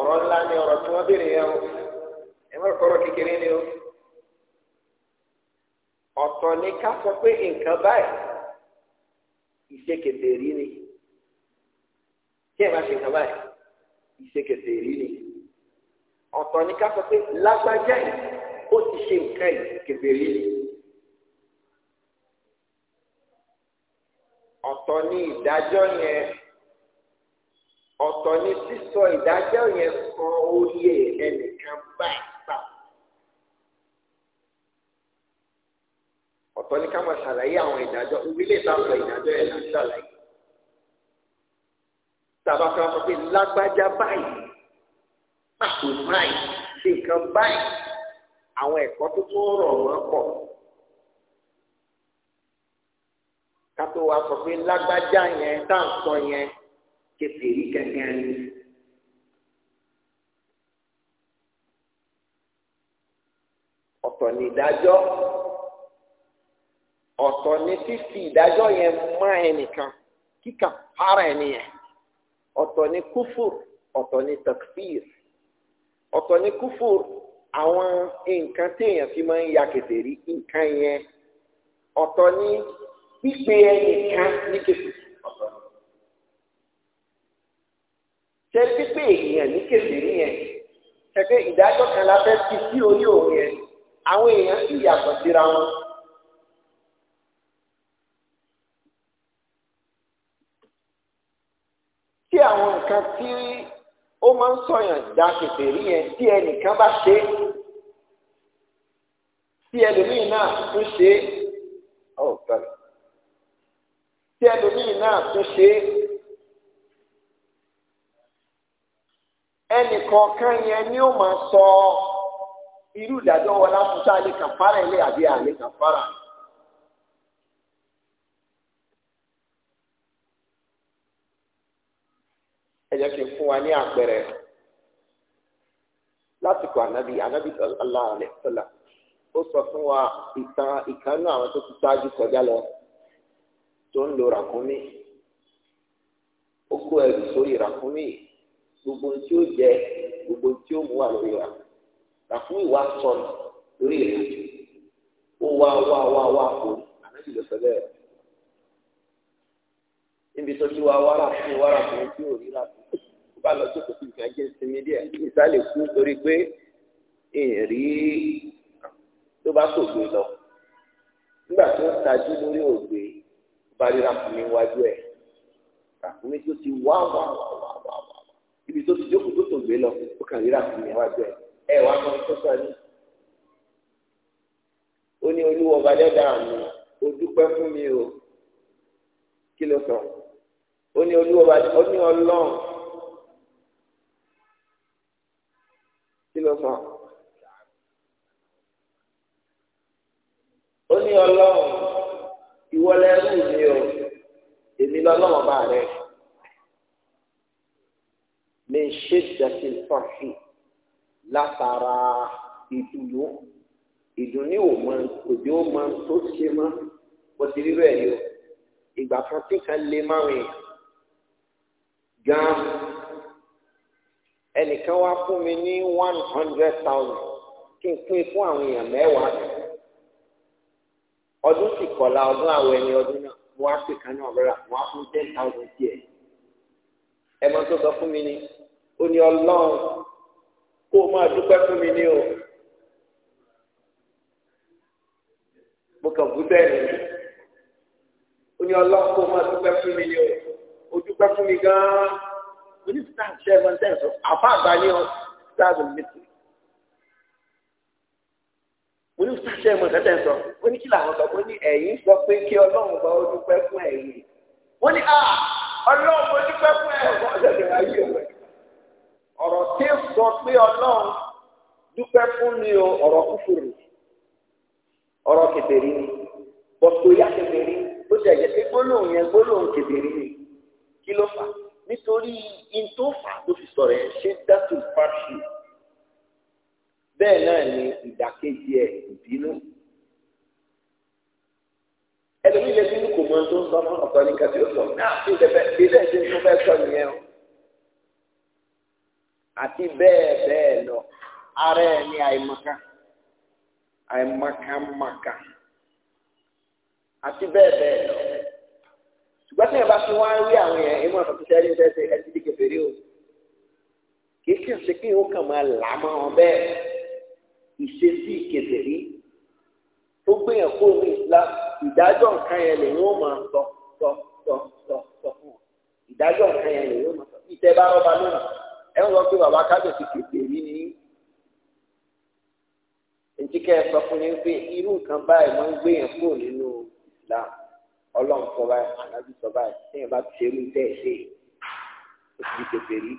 ọ̀rọ̀ ńlá ni ọ̀rọ̀ tí wọ́n béèrè yẹn o ẹ̀mọ́ ọ̀rọ̀ kékeré ni o ọ̀tọ̀ ni ká sọ pé nǹkan báyìí ìṣekètè rí ni kí ẹ má ṣe nǹkan báyìí ìṣekètè rí ni ọ̀tọ̀ ni ká sọ pé lágbájá yìí ó ti ṣe nǹkan yìí kètè rí ni ọ̀tọ̀ ni ìdájọ́ yẹn ọ̀tọ̀ ni sísọ ìdájọ́ yẹn kan orí ẹ̀ ẹnìkan báyìí. ọ̀tọ̀ ní ká máa ṣàlàyé àwọn ìdájọ́ orílẹ̀ ìtàkùn ìdájọ́ ẹ̀ là ń ṣàlàyé. Tàbá fẹ́ sọ pé lágbájá báyìí, pàtó báyìí, ṣe nǹkan báyìí, àwọn ẹ̀kọ́ tó tún rọ̀ wọ́n pọ̀. Ká tó sọ pé lágbájá yẹn tá à ń sọ yẹn kékeré kẹ̀kẹ́ ni. Ọ̀tọ̀ ní ìdájọ́ ọ̀tọ̀ ni fífi ìdájọ́ yẹn mọ́ ẹnìkan kíkà para ẹni yẹn ọ̀tọ̀ ni kúfùr ọ̀tọ̀ ni takfir ọ̀tọ̀ ni kúfùr àwọn nǹkan téèyàn fi máa ń ya kèfèrí nǹkan yẹn ọ̀tọ̀ ni pípe ẹnìkan ní kèfèrí ọ̀tọ̀ ni. ṣé pípe èèyàn ní kèfèrí yẹn ṣe pé ìdájọ́ kan la fẹ́ fi sí orí òun yẹn àwọn èèyàn sì yàtọ̀ síra wọn. máa ń sọ̀yàn dá kẹfẹ́ rí yẹn tí ẹnìkan bá ṣe tí ẹlòmíì náà tún ṣe tí ẹlòmíì náà tún ṣe ẹnìkọ̀ọ̀kan yẹn ni ó máa sọ irú ìdájọ́ wọn láti sáà lè kàfàrà ilé àbí àlè kàfàrà. ẹ jẹ́ kí n fún wa ní àpẹẹrẹ lásìkò ànábì ànábì sallallahu alaihi ó sọ fún wa ìtàn ìkànnú àwọn tó ti ṣáájú kọjá lọ tó ń lo ràkúnmí ó kó ẹrù sórí ràkúnmí gbogbo ohun tí ó jẹ gbogbo ohun tí ó mú wà lórí wa ràkúnmí wa sọnù lórí ìrìnàjò ó wá wá wá wá kó ànábì ló sọ bẹ́ẹ̀ níbi tó tún wa wára fún wára fún tí ò ríra fún tó bá lọ sókè fún ìgbà jẹ́ sinmi díẹ̀ ìsàlẹ̀ kú torí pé èrì tó bá sògbè lọ nígbà tó ń tajú lórí ògbè bá ríra fún mi wájú ẹ̀ kàkúmí tó ti wá wá wá wá wá wá ibi tó ti jókòó tó sògbè lọ ó kàn ríra fún wájú ẹ̀ ẹ̀ wá kan tó sọ ní. ó ní olúwọ̀ bá dẹ́dà mi ó fún mi o kí ló sọ ó ní olúwa ó ní ọlọ́run kí ló sọ ó ní ọlọ́run ìwọlẹ ẹrú mi o èmi lọ́lọ́run bá rẹ mi ṣe jẹsí fọfì látara ìdùnnú ìdùnnú ò mọ òde ó mọ tó ṣe mọ bó ti rí bẹ́ẹ̀ o ìgbà kan tí kan lè máa rìn gan ẹnìkan wá fún mi ní one hundred thousand kí n pín fún àwọn èèyàn mẹ́wàá ọdún sì kọ̀la ọdún àwọn ẹni ọdún náà mo wá pè kan náà rárá mo wá fún ten thousand díẹ̀ ẹ mọ tó sọ fún mi ni ó ní ọlọ́run kó o máa dúpẹ́ fún mi ní o mo kàn bú bẹ́ẹ̀ ni ó ní ọlọ́run kó o máa dúpẹ́ fún mi ní o dúpẹ́ fún mi gan-an mínísítà ṣe ẹ̀gbọ́n tẹ̀ sọ àfa àgbà ní ọ sáàbù mẹ́tì mínísítà ṣe ẹ̀gbọ́n tẹ̀ sọ ó ní kí làwọn sọ pé ní ẹ̀yìn sọ pé kí ọlọ́run bá ó dúpẹ́ fún ẹ̀yìn wọ́n ní à ah, ọlọ́run mo dúpẹ́ fún ẹ̀ ọ̀gbọ́n ṣẹ̀ṣẹ̀ ayé rẹ̀ ọ̀rọ̀ tí ń sọ pé ọlọ́run dúpẹ́ fún mi o ọ̀rọ̀ kúfùrù ọ̀rọ̀ kẹfẹ́rí ni bọ̀tò yá kẹfẹ́rí ó ṣẹ̀ṣẹ̀ pé gbólóhùn yẹn gbólóhùn kẹfẹ́rí ni kí ló fà nítorí in tó fà tó fi sọ̀rọ̀ ẹ̀ ṣe dátù fàṣù bẹ́ẹ̀ náà ni ìdàkejì ẹ̀ ìbínú ẹlòmíì lè bínú kò mọ tó ń sọ fún ọ̀pọ̀ ní kàtí ó sọ náà fi ìdẹ̀fẹ̀ ilé ẹ̀sìn tó fẹ́ sọ nìyẹn o àti bẹ́ẹ̀ bẹ́ẹ̀ lọ ara ẹ̀ ní àìmọ̀kan àìmọ̀kanmọ̀kan àti bẹ́ẹ̀ bẹ́ẹ̀ lọ ṣùgbọ́n tí yẹn bá fi wọ́n rí àwọn yẹn inú ọ̀sán tó ṣe rí ní ẹsẹ̀ ẹtí di kẹfẹ́rí o kì í kàn ṣe kí ó kàn máa là á mọ́ wọn bẹ́ẹ̀ ìṣesí kẹfẹ́rí tó gbé yẹn kó ní Islam ìdájọ́ nǹkan yẹn lè yóò máa sọ sọ sọ sọ sọ fún wọn ìdájọ́ nǹkan yẹn lè yóò máa sọ ìtẹ́ bá rọ́bà lónìí ẹ ń lọ pé bàbá kábíyèsí kẹfẹ́rí ni ntí sọ fún yín pé irú nǹkan báyìí máa ń gbé yẹn kó nínú Islam ọlọ́run sọ báyìí ànábì sọ báyìí téèyàn bá ti ṣerú tẹ́ ẹ ṣe ó ti di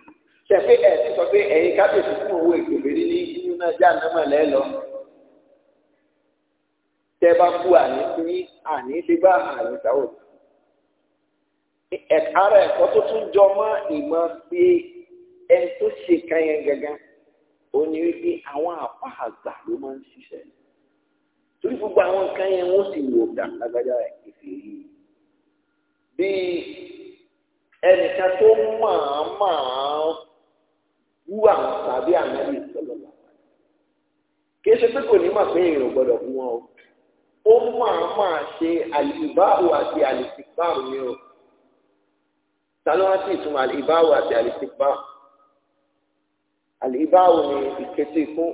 kèfèrí ṣe pé ẹ ti sọ pé ẹ̀yin kábíyèsí fún owó ìkèfèrí ní inú náà já nàmọ lẹ́lọ tẹ bá kú àní ní àní lè bá àyè sáwọ ara ẹ̀kọ́ tó tún jọ mọ́ ìmọ̀ pé ẹni tó ṣe kan yẹn gangan òní wípé àwọn àpá àgbà ló máa ń ṣiṣẹ́ ní torí gbogbo àwọn nǹkan yẹn wọ́n sì wò dà lágbájá ìfì yìí bíi ẹnìkan tó máa-máa wú àwọn tàbí àmẹ́lì ìtọ́lọ́lá kìí ṣe pé kò ní mà pé èèyàn gbọ́dọ̀ fún wọn o ó máa-máa ṣe àlìbáwò àti àlìsíkbáwò ni o ta ló wá sí ìtumọ̀ àlìbáwò àti àlìsíkbáwò àlìbáwò ni ìkẹtì fún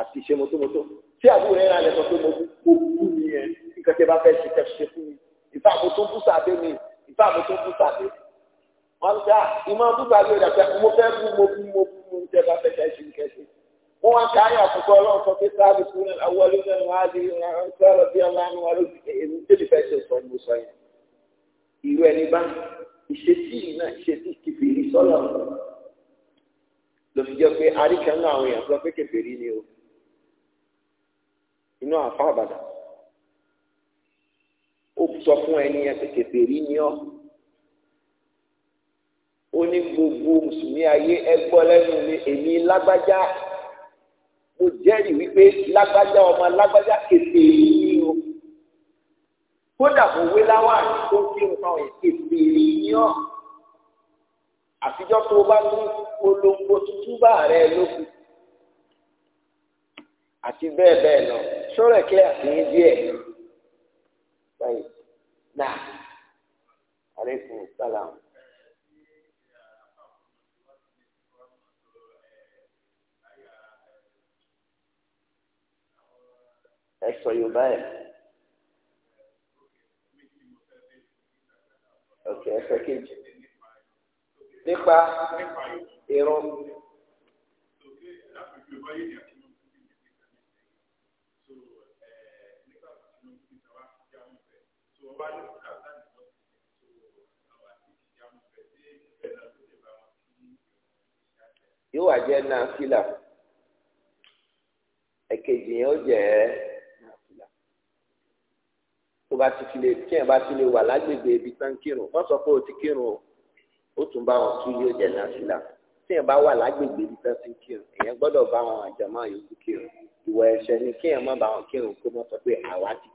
àti ìṣe mọ́tòmọ́tò tí àbúrò rẹ̀ rálẹ̀ sọ pé mo kú kú mi yẹn nǹkan tí ẹ bá fẹ́ ṣe kẹ́ ṣe fún mi ìfà mo tún bú sàdé mi ìfà mo tún bú sàdé wọn gba ah, ìmọ̀ bú sàdé rẹ̀ pé mo fẹ́ bú mo bú mo bú mo tẹ́ bá fẹ́ kẹ́ ṣe kẹ́ ṣe. wọ́n wá káyọ̀ àkókò ọlọ́run sọ pé sáàbì fún ẹ àwọn olóṣèlú náà wáá di ọ̀rọ̀ bí ọlọ́run wà lójú èmi tẹ́lẹ̀ fẹ́ ṣe sọ mo sọ yẹn. ìlú ẹni bá ìṣesí náà ìṣesí kìfìrí sọ́lọ̀ lọ́sijọ́ pé àríkànnà àwọn èèyàn sọ pé kẹfìrí ni inú àfa àbàdà ó sọ fún ẹni ẹsẹkẹsẹ rí ni ọ ó ní gbogbo mùsùlùmí ayé ẹgbọ́ lẹ́nu ní èmi lágbájá mo jẹ́rìí wípé lágbájá ọmọ lágbájá kẹsẹ rí ni o kódà mo wé láwà tó ń kírun fáwọn yẹn kẹsẹ rí ni ọ àtijọ́ tó o bá ní olóńgbò tútú bá rẹ lókun àti bẹ́ẹ̀ bẹ́ẹ̀ lọ sọ̀rọ̀ ẹ̀kẹ́ àtìyìn díẹ̀ báyìí náà àlékún sálàm. ẹ sọ yorùbá ẹ ok ẹsẹ kejì nípa irun. yóò wá jẹ́ náfìlà ẹ̀kejì yẹn ó jẹ́ náfìlà tó bá ti fi lè tí bá ti wà lágbègbè ibi tán wọ́n sọ pé o ti kírun o ó tún bá wọn tú yóò jẹ́ náfìlà tí bá wà lágbègbè ibi tán ti kírun bá wọn kírun ni kí má bá wọn kírun kó sọ pé àwa ti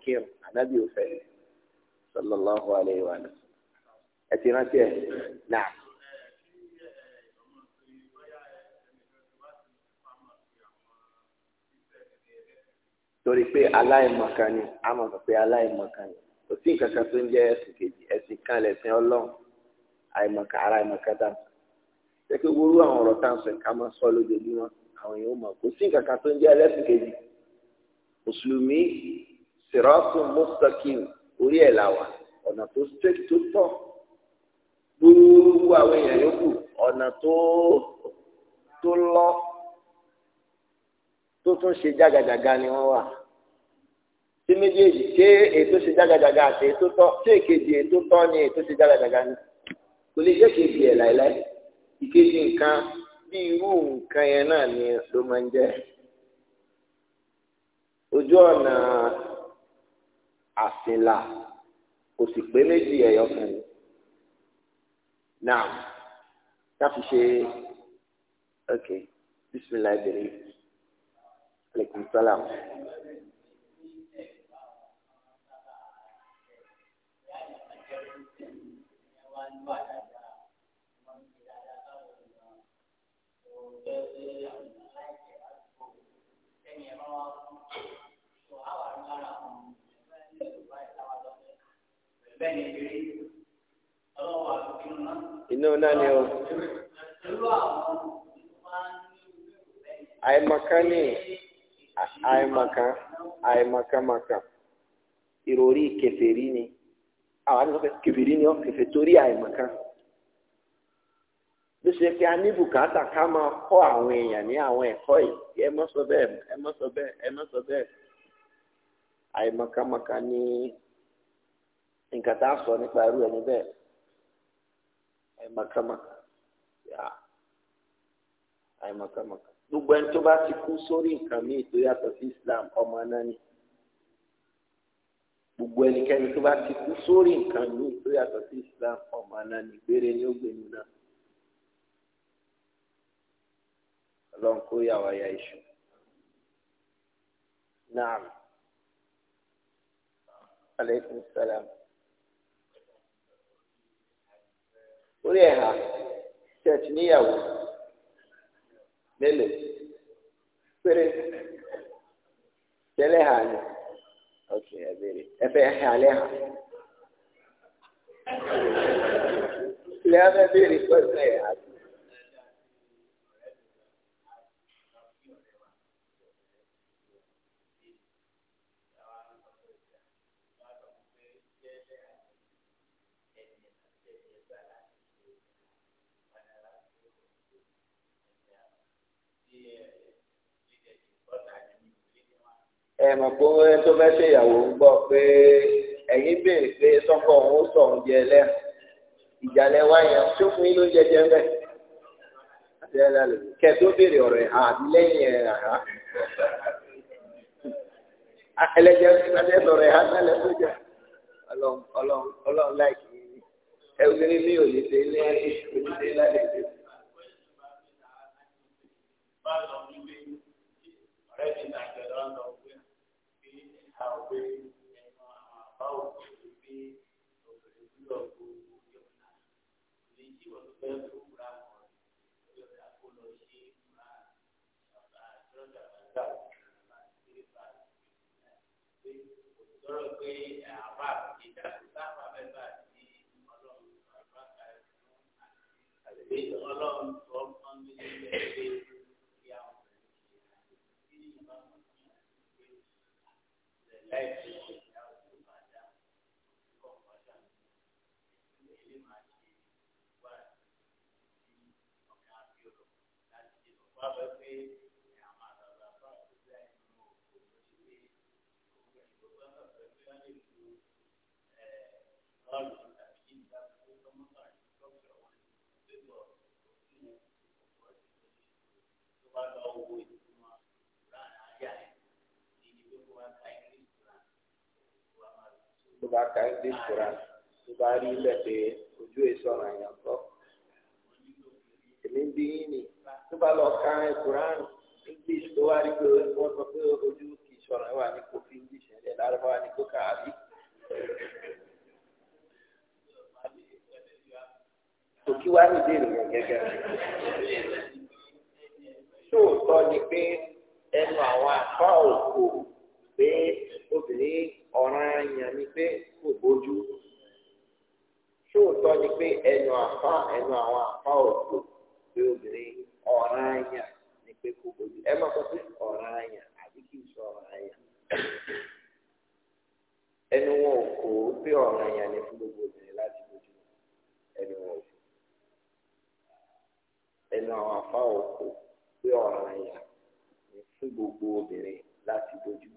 sallallahu الله عليه sallam ẹ ti نعم. ẹ náà. torí pé aláìmọ̀kan ni a mọ̀ sọ pé aláìmọ̀kan ni kò sí nǹkan kan tó ń jẹ́ ẹ̀sìn kejì ẹ̀sìn kan lẹ̀sìn ọlọ́run àìmọ̀kan ara àìmọ̀kan dà ṣé pé wúrú àwọn ọ̀rọ̀ tá à ń sọ ká máa sọ lójoojúmọ́ àwọn èèyàn mọ̀ kò sí nǹkan tó ń jẹ́ ẹlẹ́sìn kejì mùsùlùmí siratun mustaqim orí ẹ̀ làwà ọ̀nà tó straight tó tọ̀ gbogbo àwọn èèyàn yòókù ọ̀nà tó tó lọ tó tún ṣe jágajàga ni wọ́n wà tí méjèèjì ṣé ètò ṣe jágajàga àti ètò tọ́ ṣé èkejì ètò tọ́ ni ètò ṣe jágajàga ni kò lè jẹ́ kejì ẹ̀ láéláé ìkejì nǹkan bí irú nǹkan yẹn náà ni ló máa ń jẹ́ ojú ọ̀nà àsìnlá kò sì pé méjì ẹ̀yọ kan ní. Now, káfi ṣe ok, bisimilayi bèrè, aleykum salaam. inú náà ni o àìmọ̀kan ni àìmọ̀kan àìmọ̀kanmọ̀kan ìròrí kèfèrí ni àwọn àti kèfèrí ni ọ kẹfẹ torí àìmọ̀kan ló ṣe pé a ní bùkátà ká máa kọ́ àwọn èèyàn ní àwọn ẹ̀kọ́ yìí ẹ mọ́ sọ bẹ́ẹ̀ ni. nǹkan tá a sọ nípa irú ẹni bẹ́ẹ̀ àìmọ̀kàmọ̀kà àìmọ̀kàmọ̀kà gbogbo ẹni tó bá ti kú sórí nǹkan míì tó yàtọ̀ sí Islam ọmọ náà gbogbo ẹnikẹ́ni tó bá ti kú sórí nǹkan míì tó yàtọ̀ sí Islam ọmọ náà gbére ni ó gbénu náà ọlọ́run kó yà wá ya iṣu náà aleykum salaam. orí ẹ̀ hà ṣẹ̀tì níyàwó mélòó péré tẹ́lẹ̀ hà ni ok ẹ béèrè ẹ fẹ́ hà lẹ́ hà pẹ̀lú ẹ̀ ẹ mọ̀ pé tó fẹ́ ń gbọ́ pé ẹ̀yin béèrè pé sọ́kọ̀ òun ó sọ òun jẹ ìjàlẹ̀ wáyà tó fún yín ló ń jẹjẹ ń bẹ̀ tó béèrè ọ̀rọ̀ ẹ̀ lẹ́yìn ẹ̀ ẹlẹ́jẹ̀ ẹ̀ lọ́rọ̀ pé àbá ìjà ti sáfà mẹ́fà ní ọlọ́run àbá kàrí àti ọlọ́run tó ọmọ mi lè bẹ̀rẹ̀ pé kí àwọn ọ̀rẹ́ mi kí ni ìbá wọn ní ìgbésẹ̀ láìpẹ́ ìyá òkú bàdá kọ̀ bàdá mi ilé máa ṣe wà ní ọ̀gá àbí ọ̀rọ̀ láti ṣe lọ́wọ́ pé. wá lọ wo ìtumọ̀ ìran àyà ẹ̀ ní ibi tó wá ka quran tó bá ka english quran tó bá rí ilẹ̀ pé ojú èso ọ̀ràn yàn kọ́ èmi bí yín ni tó bá lọ ka quran english tó wá rí pé wọ́n sọ pé ojú kì í wà ní kò english ẹ̀ lárúbáwá ní kò kà á bí. Tòkí wá ní ìbéèrè yẹn gẹ́gẹ́. sụ ni pé ẹnu àwọn àfa òkò pé obìnrin ọ̀ràn yàn ni pé kò bójú ni pé ẹnu ẹnu àwọn àfa òkò pé obìnrin ọ̀ràn yàn ni pé kò bójú ẹ máa ọ̀ràn àbí kì í sọ ẹnu wọn ò kó pé ọ̀ràn ni fún gbogbo obìnrin láti bójú ẹnu wọn ò kó ẹnu àwọn pé ọ̀ràn ẹ̀yà ni fún gbogbo obìnrin láti bójú.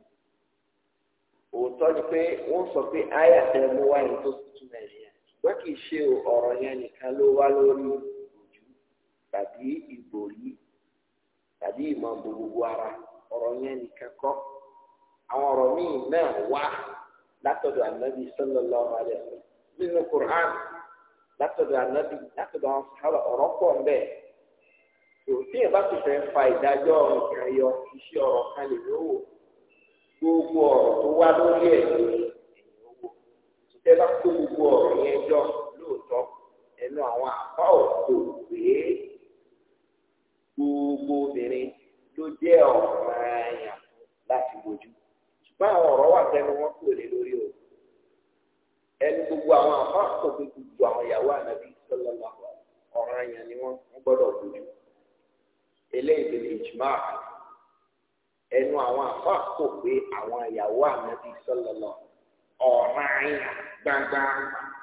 Òótọ́ ni pé wọ́n sọ pé àyà tẹ mú wáyé tó tuntun nàìjíríà ṣùgbọ́n kì í ṣe ọ̀rọ̀ yẹn nìkan ló wá lórí ojú tàbí ìbòrí tàbí ìmọ̀ gbogbo ara ọ̀rọ̀ yẹn nìkan kọ́. Àwọn ọ̀rọ̀ míì náà wá látọ̀dọ̀ ànábì sallallahu alaihi wasallam nínú Kùrán látọ̀dọ̀ ànábì látọ̀dọ̀ àwọn sàhábà ọ̀rọ̀ pọ̀ ń bẹ́ẹ̀ tí ẹ bá sì fẹ́ fa ìdájọ́ ọ̀rọ̀ kan yọ iṣẹ́ ọ̀rọ̀ kan lè lówó gbogbo ọ̀rọ̀ tó wá lórí ẹ̀ lówó tẹ bá kó gbogbo ọ̀rọ̀ yẹn jọ lóòótọ́ ẹnu àwọn àpá òkò pé gbogbo obìnrin ló jẹ́ ọ̀ràn àyàn láti bójú ṣùgbọ́n àwọn ọ̀rọ̀ wà tẹnu wọn kò lè lórí o ẹnu gbogbo àwọn àpá òkò gbogbo àwọn ìyàwó ànábì sọlọ́lá ọ̀ràn àyàn ni wọ́n gbọ́dọ̀ bójú eléyìí lè jùmọ̀ ẹnu àwọn àfa kò pé àwọn ìyàwó ànábì sọlọlọ ọ̀ràn àyàn gbangba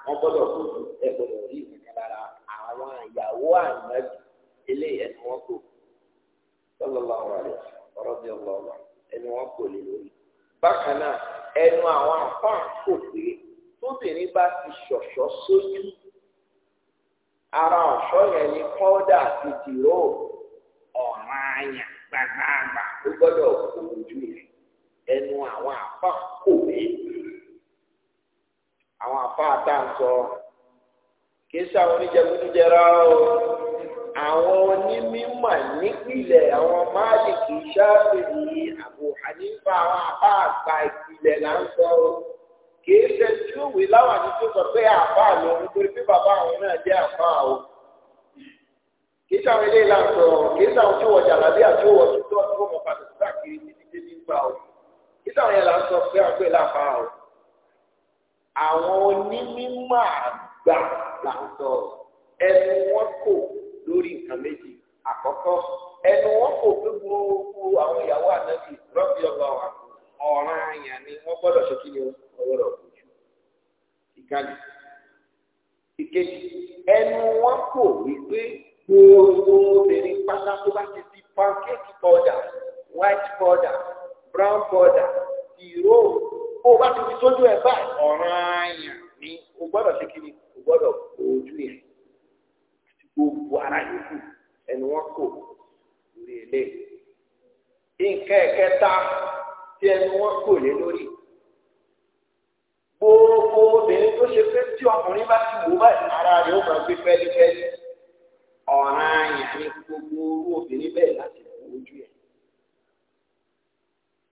wọn gbọ́dọ̀ gbòòrò ẹ gbọ́dọ̀ rí ìkàkà lára àwọn ìyàwó ànábì eléyìí ẹnu wọn kò sọlọlọ ọ̀rọ̀ ọ̀rọ̀ bí ọlọ́ọ̀lọ́ ẹnu wọn kò lè lórí. bákan náà ẹnu àwọn àfa kò pé tóbìnrin bá ti ṣọ̀ṣọ́ sójú ara ọ̀ṣọ́ yẹn ni kọ́dà ti dìrò. ọ̀ràn àyà gbàgbàgbà ó gbọ́dọ̀ kó ojú rẹ̀ ẹnu àwọn àfa kò àwọn àfa àtà kì í oníjẹkújẹra o àwọn onímọ̀ nípìnlẹ̀ àwọn máàlìkì àwọn àfa àgbà ìpìlẹ̀ là ń sọ o kì í ṣe tí ó wé láwọn àti àwọn o. kìí ṣe àwọn ilé ìlànà sọ̀rọ̀ kìí ṣe àwọn tí wọ́n jàlá bí àti wọ́n tó tọ́ tó mọ̀ pàtó síta kiri títí dé ní gbà o kìí ṣe àwọn yẹn là ń sọ pé àgbé làbá o àwọn onímọ̀ àgbà là ń sọ ẹnu wọn kò lórí nǹkan méjì àkọ́kọ́ ẹnu wọn kò pé gbogbo àwọn ìyàwó ànábì rọ́bì ọba ọ̀ràn àyàn ni wọ́n gbọ́dọ̀ ṣe kí ni ọ̀rọ̀ òjú ìkàlẹ̀ ìkejì ẹnu wọn kò wípé gbogbo obìnrin pátá tó bá ti di pancake powder white powder brown powder ìró ó bá ti fi sójú ẹ báyìí ọ̀ràn àyàn ni o gbọ́dọ̀ ṣe kí ni o gbọ́dọ̀ ojú ẹ̀ àti gbogbo ara yòókù ẹnu wọn kò lórí ilé nǹkan ẹ̀kẹta tí ẹnu wọn kò lé lórí gbogbo obìnrin tó ṣe pé tí ọkùnrin bá ti wò báyìí ara rẹ̀ ó máa gbé fẹ́lifẹ́li ọ̀ràn àyàn ní gbogbo orú obìnrin bẹ́ẹ̀ láti kú ojú ẹ̀.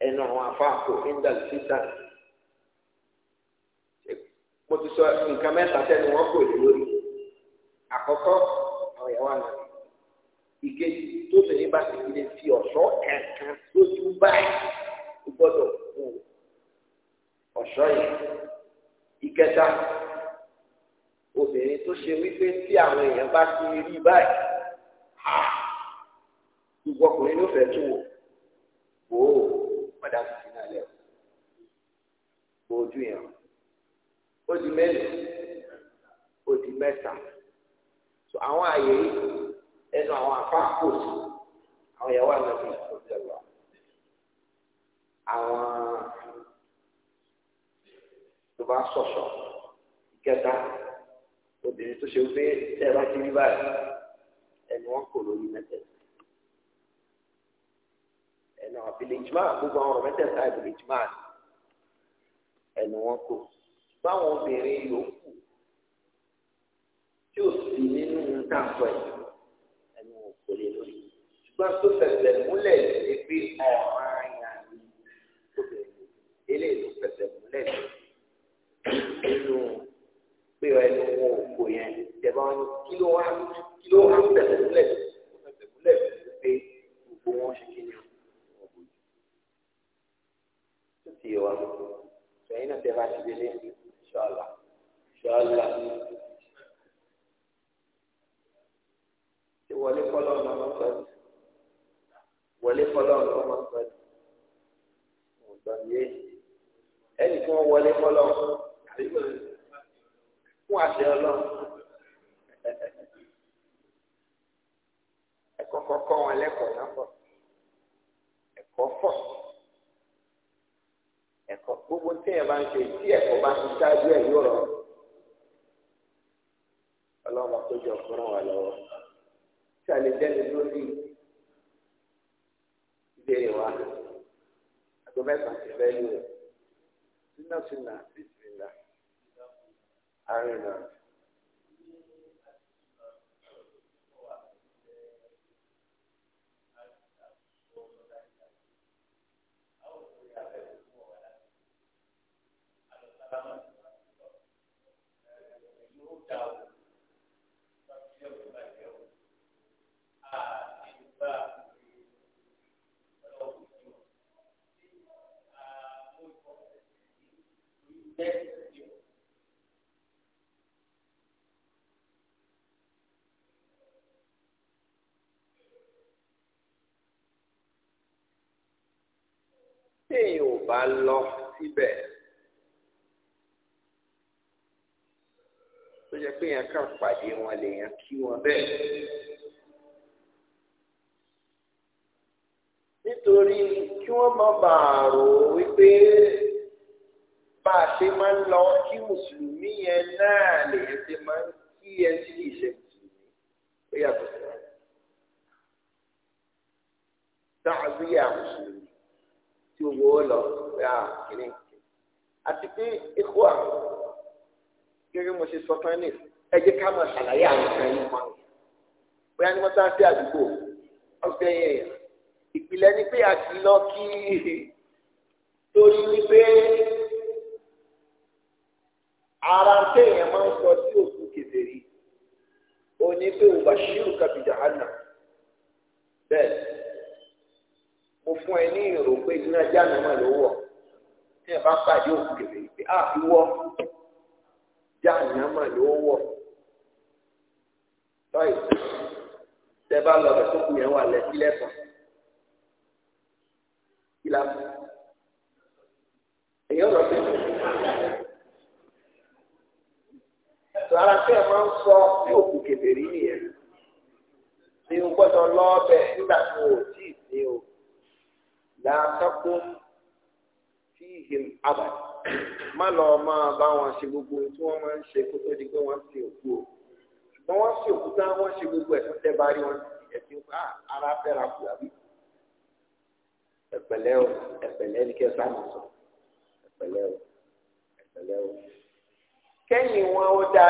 ẹnu àwọn afáàkó indal fitan mo ti sọ nǹkan mẹ́ta sẹ́nu wọ́n kò lè lórí àkọ́kọ́ àwọn ìyàwó àná ìkejì tó tẹ̀lé bá ti lè fi ọ̀ṣọ́ kankan lójú báyìí gbọ́dọ̀ fún ọ̀ṣọ́ yẹn ìkẹta obìnrin tó ṣe wípé tí àwọn èèyàn bá ti rí báyìí gbogbo ọkùnrin ló fẹ́ tún wò ó padà sí sínú alẹ́ ojú yẹn ó di mélòó ó di mẹ́ta so àwọn àyè ẹnu àwọn apá kò sí àwọn ìyàwó àgbẹ̀bí ọ̀sẹ̀ lọ àwọn tó bá sọ̀sọ̀ ìkẹta obìnrin tó ṣe wípé tẹ́ ẹ bá ti rí báyìí ẹnu wọn kò lórí mẹ́tẹ̀ẹ̀ta ẹnu àwọn village man gbogbo àwọn mẹ́tẹ̀ẹ̀ta village man ẹnu wọn kò báwọn obìnrin yòókù tí ò sí nínú táǹpọ̀ ẹ̀ ẹnu wọn kò lè lórí ṣùgbọ́n tó fẹsẹ̀ múlẹ̀ ní pé ọ̀ràn àyà ni obìnrin eléyìí ló fẹsẹ̀ múlẹ̀ nínú pé ọ ẹnu wọn ò kò yẹn ìjẹba wọn ni kí ló wá kí ló wá bẹ̀rẹ̀ sílẹ̀ bẹ̀rẹ̀ sílẹ̀ pé gbogbo wọn ṣe kí ni wọn kò jù. ó ti yẹ wa sẹ́yìn náà tẹ́ ti délé ṣọ́ọ̀lá ṣọ́ọ̀lá. ṣé wọlé kọ́lọ́ ọ̀nà ọmọ sọ́ọ̀tì wọlé kọ́lọ́ ọ̀nà ọmọ sọ́ọ̀tì ọ̀gbọ̀n yé ẹnì kan wọlé kọ́lọ́ ọ̀nà àbí fún àṣẹ ọlọ́run ẹ̀kọ́ kọ́kọ́ wọn lẹ́kọ̀ọ́ náà pọ̀ ẹ̀kọ́ pọ̀ ẹ̀kọ́ gbogbo tí ẹ̀ bá ń ṣe tí ẹ̀kọ́ bá ń ṣáájú ẹ̀ yóò rọrùn ọlọ́run tó jọ fún lọ́wọ́ tí jẹ́ni lórí ìbéèrè wa àgọ́ mẹ́ta ti fẹ́ lù ẹ̀ sínú sínú àti àrìnà. Thank you. téèyàn ò bá lọ síbẹ̀ tó jẹ́ pé yẹn kàn pàdé wọn lèèyàn kí wọn bẹ́ẹ̀. nítorí kí wọ́n má bàa rò wípé bá a ṣe máa ń lọ kí mùsùlùmí yẹn náà lèèyàn ṣe máa ń kí ẹni tí kì ṣe mùsùlùmí ó yàtọ̀ sí wọn. táàbíyà mùsùlùmí tí owó lọ yà kìíní. àti pé ikú à gẹ́gẹ́ mo ṣe sọ fún ẹni ẹ jẹ́ ká máa ṣàlàyé àwọn ọ̀sán yìí fún àwọn bóyá ní wọ́n sá sí àdúgbò ọ̀sẹ̀ yẹn ìpìlẹ̀ ni pé àti lọ kí torí wípé ara téèyàn máa ń sọ sí òkú kèfèrí òní pé òbàṣírù kàbìjà hànà bẹ́ẹ̀ mo fún ẹ ní ìrò pé iná jáde náà ló wọ̀ tí ẹ bá pàdé òkú kẹfẹ pé a fi wọ jáde náà ló wọ̀ báyìí tẹ bá lọ bẹ tó kù yẹn wà lẹsí lẹsàn kí la fún èyí ọ̀rọ̀ tó tó ara tẹ máa ń sọ bí òkú kẹfẹ rí nìyẹn ni o gbọ́dọ̀ lọ ọbẹ nígbà tó o tí ì sí o la takum fihim abad má lọ máa bá wọn ṣe gbogbo tí wọ́n máa ń ṣe kó tó di pé wọ́n sì òkú o ṣùgbọ́n wọ́n sì òkú tán wọ́n ṣe gbogbo ẹ̀ tó tẹ́ bá rí wọn ẹ̀sìn pa ara fẹ́ra kù àbí ẹ̀pẹ̀lẹ́ o ẹ̀pẹ̀lẹ́ ní kẹ́ o ẹ̀pẹ̀lẹ́ o kẹ́yìn wọn ó da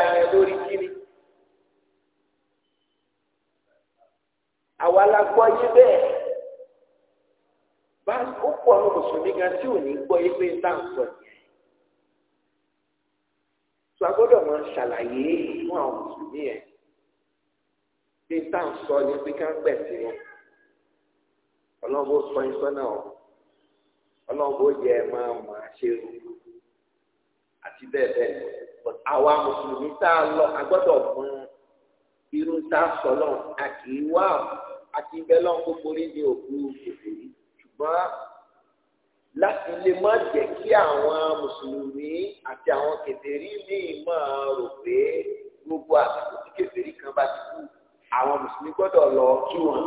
ẹ bá ó pọ̀ àwọn mùsùlùmí gan tí ò ní gbọ́ yí pé tá à ń sọ yẹn tó a gbọ́dọ̀ máa ṣàlàyé fún àwọn mùsùlùmí yẹn pé tá à ń sọ ní pé ká ń gbẹ̀sìn wọn ọlọ́run bó sọ yín sọ́nà ọ̀ ọlọ́run bó yẹ ẹ máa mọ̀ àṣẹ o àti bẹ́ẹ̀ bẹ́ẹ̀ but àwa mùsùlùmí tá a lọ a fún irú tá a sọ lọ́n a àti bẹ́ẹ̀ lọ́n kó forí òkú òkèèrè ṣùgbọ́n láti lè má jẹ́ kí àwọn mùsùlùmí àti àwọn kèfèrí míì máa rò pé gbogbo àsìkò tí kèfèrí kan bá ti kú àwọn mùsùlùmí gbọ́dọ̀ lọ kí wọn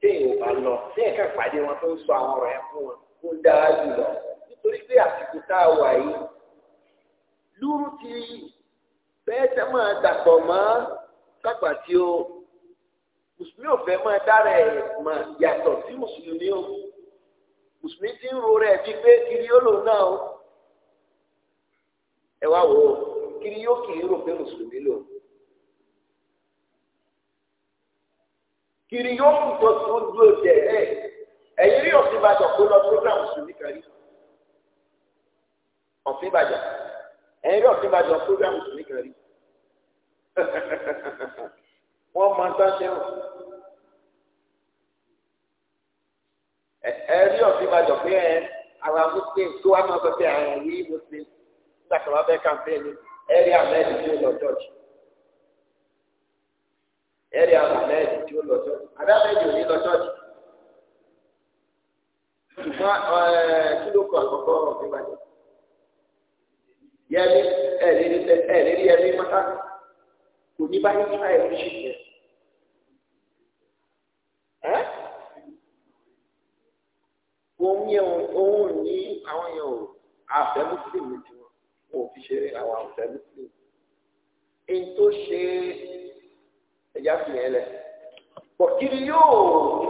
téèyàn ò bá lọ téèyàn kàn pàdé wọn tó ń sọ àwọn ọ̀rọ̀ yẹn fún wọn kó dáa jùlọ nítorí pé àsìkò tá a wà yìí lúrú ti bẹ́ẹ̀ tẹ́ máa dàpọ̀ mọ́ sàgbà tí ó mùsùlùmí ò fẹ́ máa dára ẹ̀ mọ̀ yàtọ̀ sí mùsùlùmí o mùsùlùmí ti ń ro rẹ̀ bíi pé kiri yóò lò náà o ẹ wá wò ó kiri yóò kì í rò pé mùsùlùmí lò kiri yóò kù tó tó dúró jẹ ẹ ẹ̀yin rí òfin ìbàdàn kó lọ program mùsùlùmí kan rí ìbàdàn ẹ̀yin rí òfin ìbàdàn program mùsùlùmí kan wọ́n máa ń dáṣẹ́ rò. ẹ̀rí ọ̀sìn máa jọ pé ẹ ara muslim tó wá máa sọ pé àwọn wí muslim nígbà tí wọ́n fẹ́ kàmpéènì ẹ̀rí àmẹ́ẹ̀dì tí ó lọ jọ́ọ̀jì. ẹ̀rí àmẹ́ẹ̀dì tí ó lọ jọ́ọ̀jì. àdámẹ́ẹ̀dì ò ní lọ jọ́ọ̀jì. ṣùgbọ́n kí ló kọ àkọ́kọ́ ọ̀sìn máa jọ? yẹ́nì ẹ̀rí ẹ̀rí ẹ̀rí mọ́tà kò ní báyìí ká ẹ̀rí ṣì òun yẹn òun ní àwọn yẹn ò àfẹ́ mùsùlùmí tí wọ́n ò fi ṣe àwọn àfẹ́ mùsùlùmí. èyí tó ṣe ẹ̀yà fi yẹn lẹ̀ bọ̀kiri yóò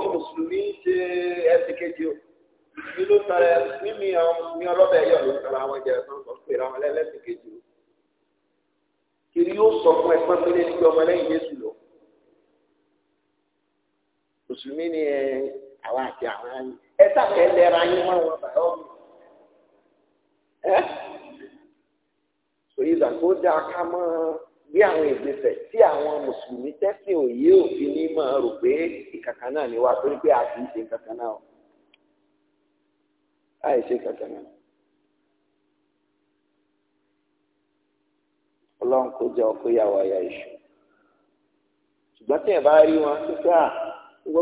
ní mùsùlùmí ṣe ẹsẹ̀ kejì o ní ló tara mímí àwọn mùsùlùmí ọlọ́bẹ̀ yọ̀ ló tara àwọn ẹ̀jẹ̀ ẹ̀sán sọ pé ra wọn lẹ́lẹ́sẹ̀ kejì o kiri yóò sọ fún ẹ̀sán pé lẹ́yìn pé ọmọ lẹ́yìn Jésù lọ mùsùlùmí ni àwọn àti àwọn ẹ sàfẹ́ lẹ́ra yín mọ́ wọn bàá ọ́ mi. Sòyíza kó dáa ká mọ́ bí àwọn ìgbésẹ̀ tí àwọn mùsùlùmí tẹ́sìn òye òfin ní máa rò pé ìkàkà náà ni wá torí pé a kì í ṣe ìkàkà náà. Láì ṣe ìkàkà náà. Ọlọ́run kó jẹ́ ọkọ ìyàwó àyà ìṣù. Ṣùgbọ́n tí ẹ̀ bá rí wọn, ṣíṣe à,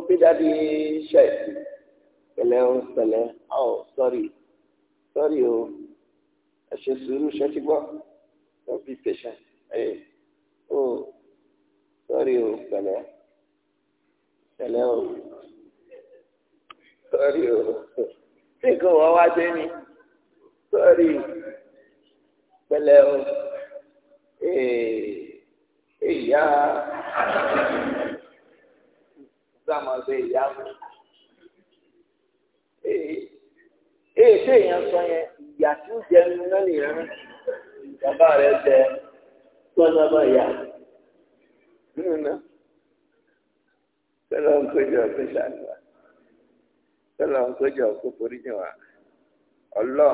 pé dáadé ṣẹ̀sìn pẹ̀lẹ́ o pẹ̀lẹ́ ọ sọrí sọrí o ẹ ṣe sùúrù ṣe ti gbọ́ don't be patient ẹ o sọrí o pẹ̀lẹ́ pẹ̀lẹ́ o sọrí o ṣé nǹkan wọ́n wá dé ni sọrí pẹ̀lẹ́ o ee ìyá sáà máa ṣe ìyá mi ee eh, eh, ṣé èèyàn sọ yẹn ìyà tí ó jẹ ẹnu náà nìyẹn bàbá rẹ jẹ tó ń lọ́bọ̀ ìyá nínú náà tẹ́lọ̀ ń kójú ọ̀kú ṣàlùwà tẹ́lọ̀ ń kójú ọ̀kú foríjì wà ọlọ́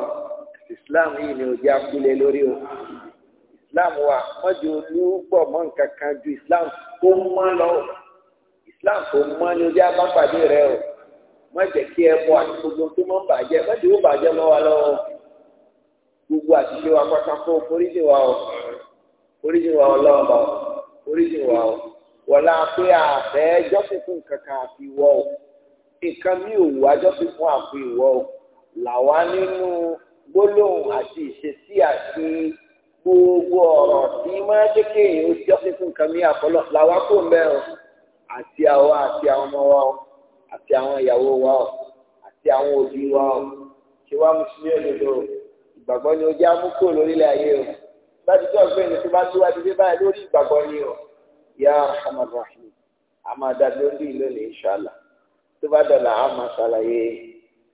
Islam yìí ni òjì akúlẹ̀ lórí o Islam wa mọ́jú olúgbọ̀ mọ́ nǹkan kan ju Islam tó mọ́ lọ Islam tó mọ́ ni òjì abápàdé rẹ o má jẹ́ kí ẹ bọ àti gbogbo tó máa ń bàjẹ́ má jẹ́ ó bàjẹ́ mọ́ wa lọ́wọ́ gbogbo àṣìṣe wa pátá fún oríṣi wa ọ oríṣi wa ọlọ́ọ̀bà oríṣi wa ọ wọlá pé àfẹ́ jọ́sìn fún nǹkan kan àfi wọ́ ọ nǹkan mi ò wá jọ́sìn fún àfi wọ́ ọ làwa nínú gbólóhùn àti ìṣesí àti gbogbo ọ̀rọ̀ tí máa jẹ́ kéèyàn ó jọ́sìn fún nǹkan mi àfọlọ́ làwa kò ń àti àwa àti àwọn ọmọ wa ọ àti àwọn ìyàwó wa ọ àti àwọn òbí wa ọ ṣé wàá mùsùlùmí òdodo ìgbàgbọ́ ni ó jẹ́ amúkò lórílẹ̀ ayé o bá ti tọ́ ọ̀gbẹ́ni tó bá tó wá ti dé báyìí lórí ìgbàgbọ́ ni o yá Muhammad rahim a máa dá lórí lónìí inṣàlá tó bá dọ̀là a máa ṣàlàyé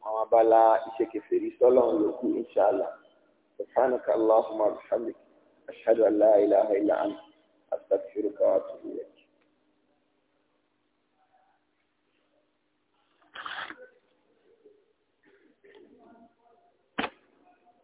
àwọn abala ìṣèkèfèrè sọ́lọ́run yòókù inṣàlá subhanaka allahumma bihamdik ashhadu an la wa atubu ilayk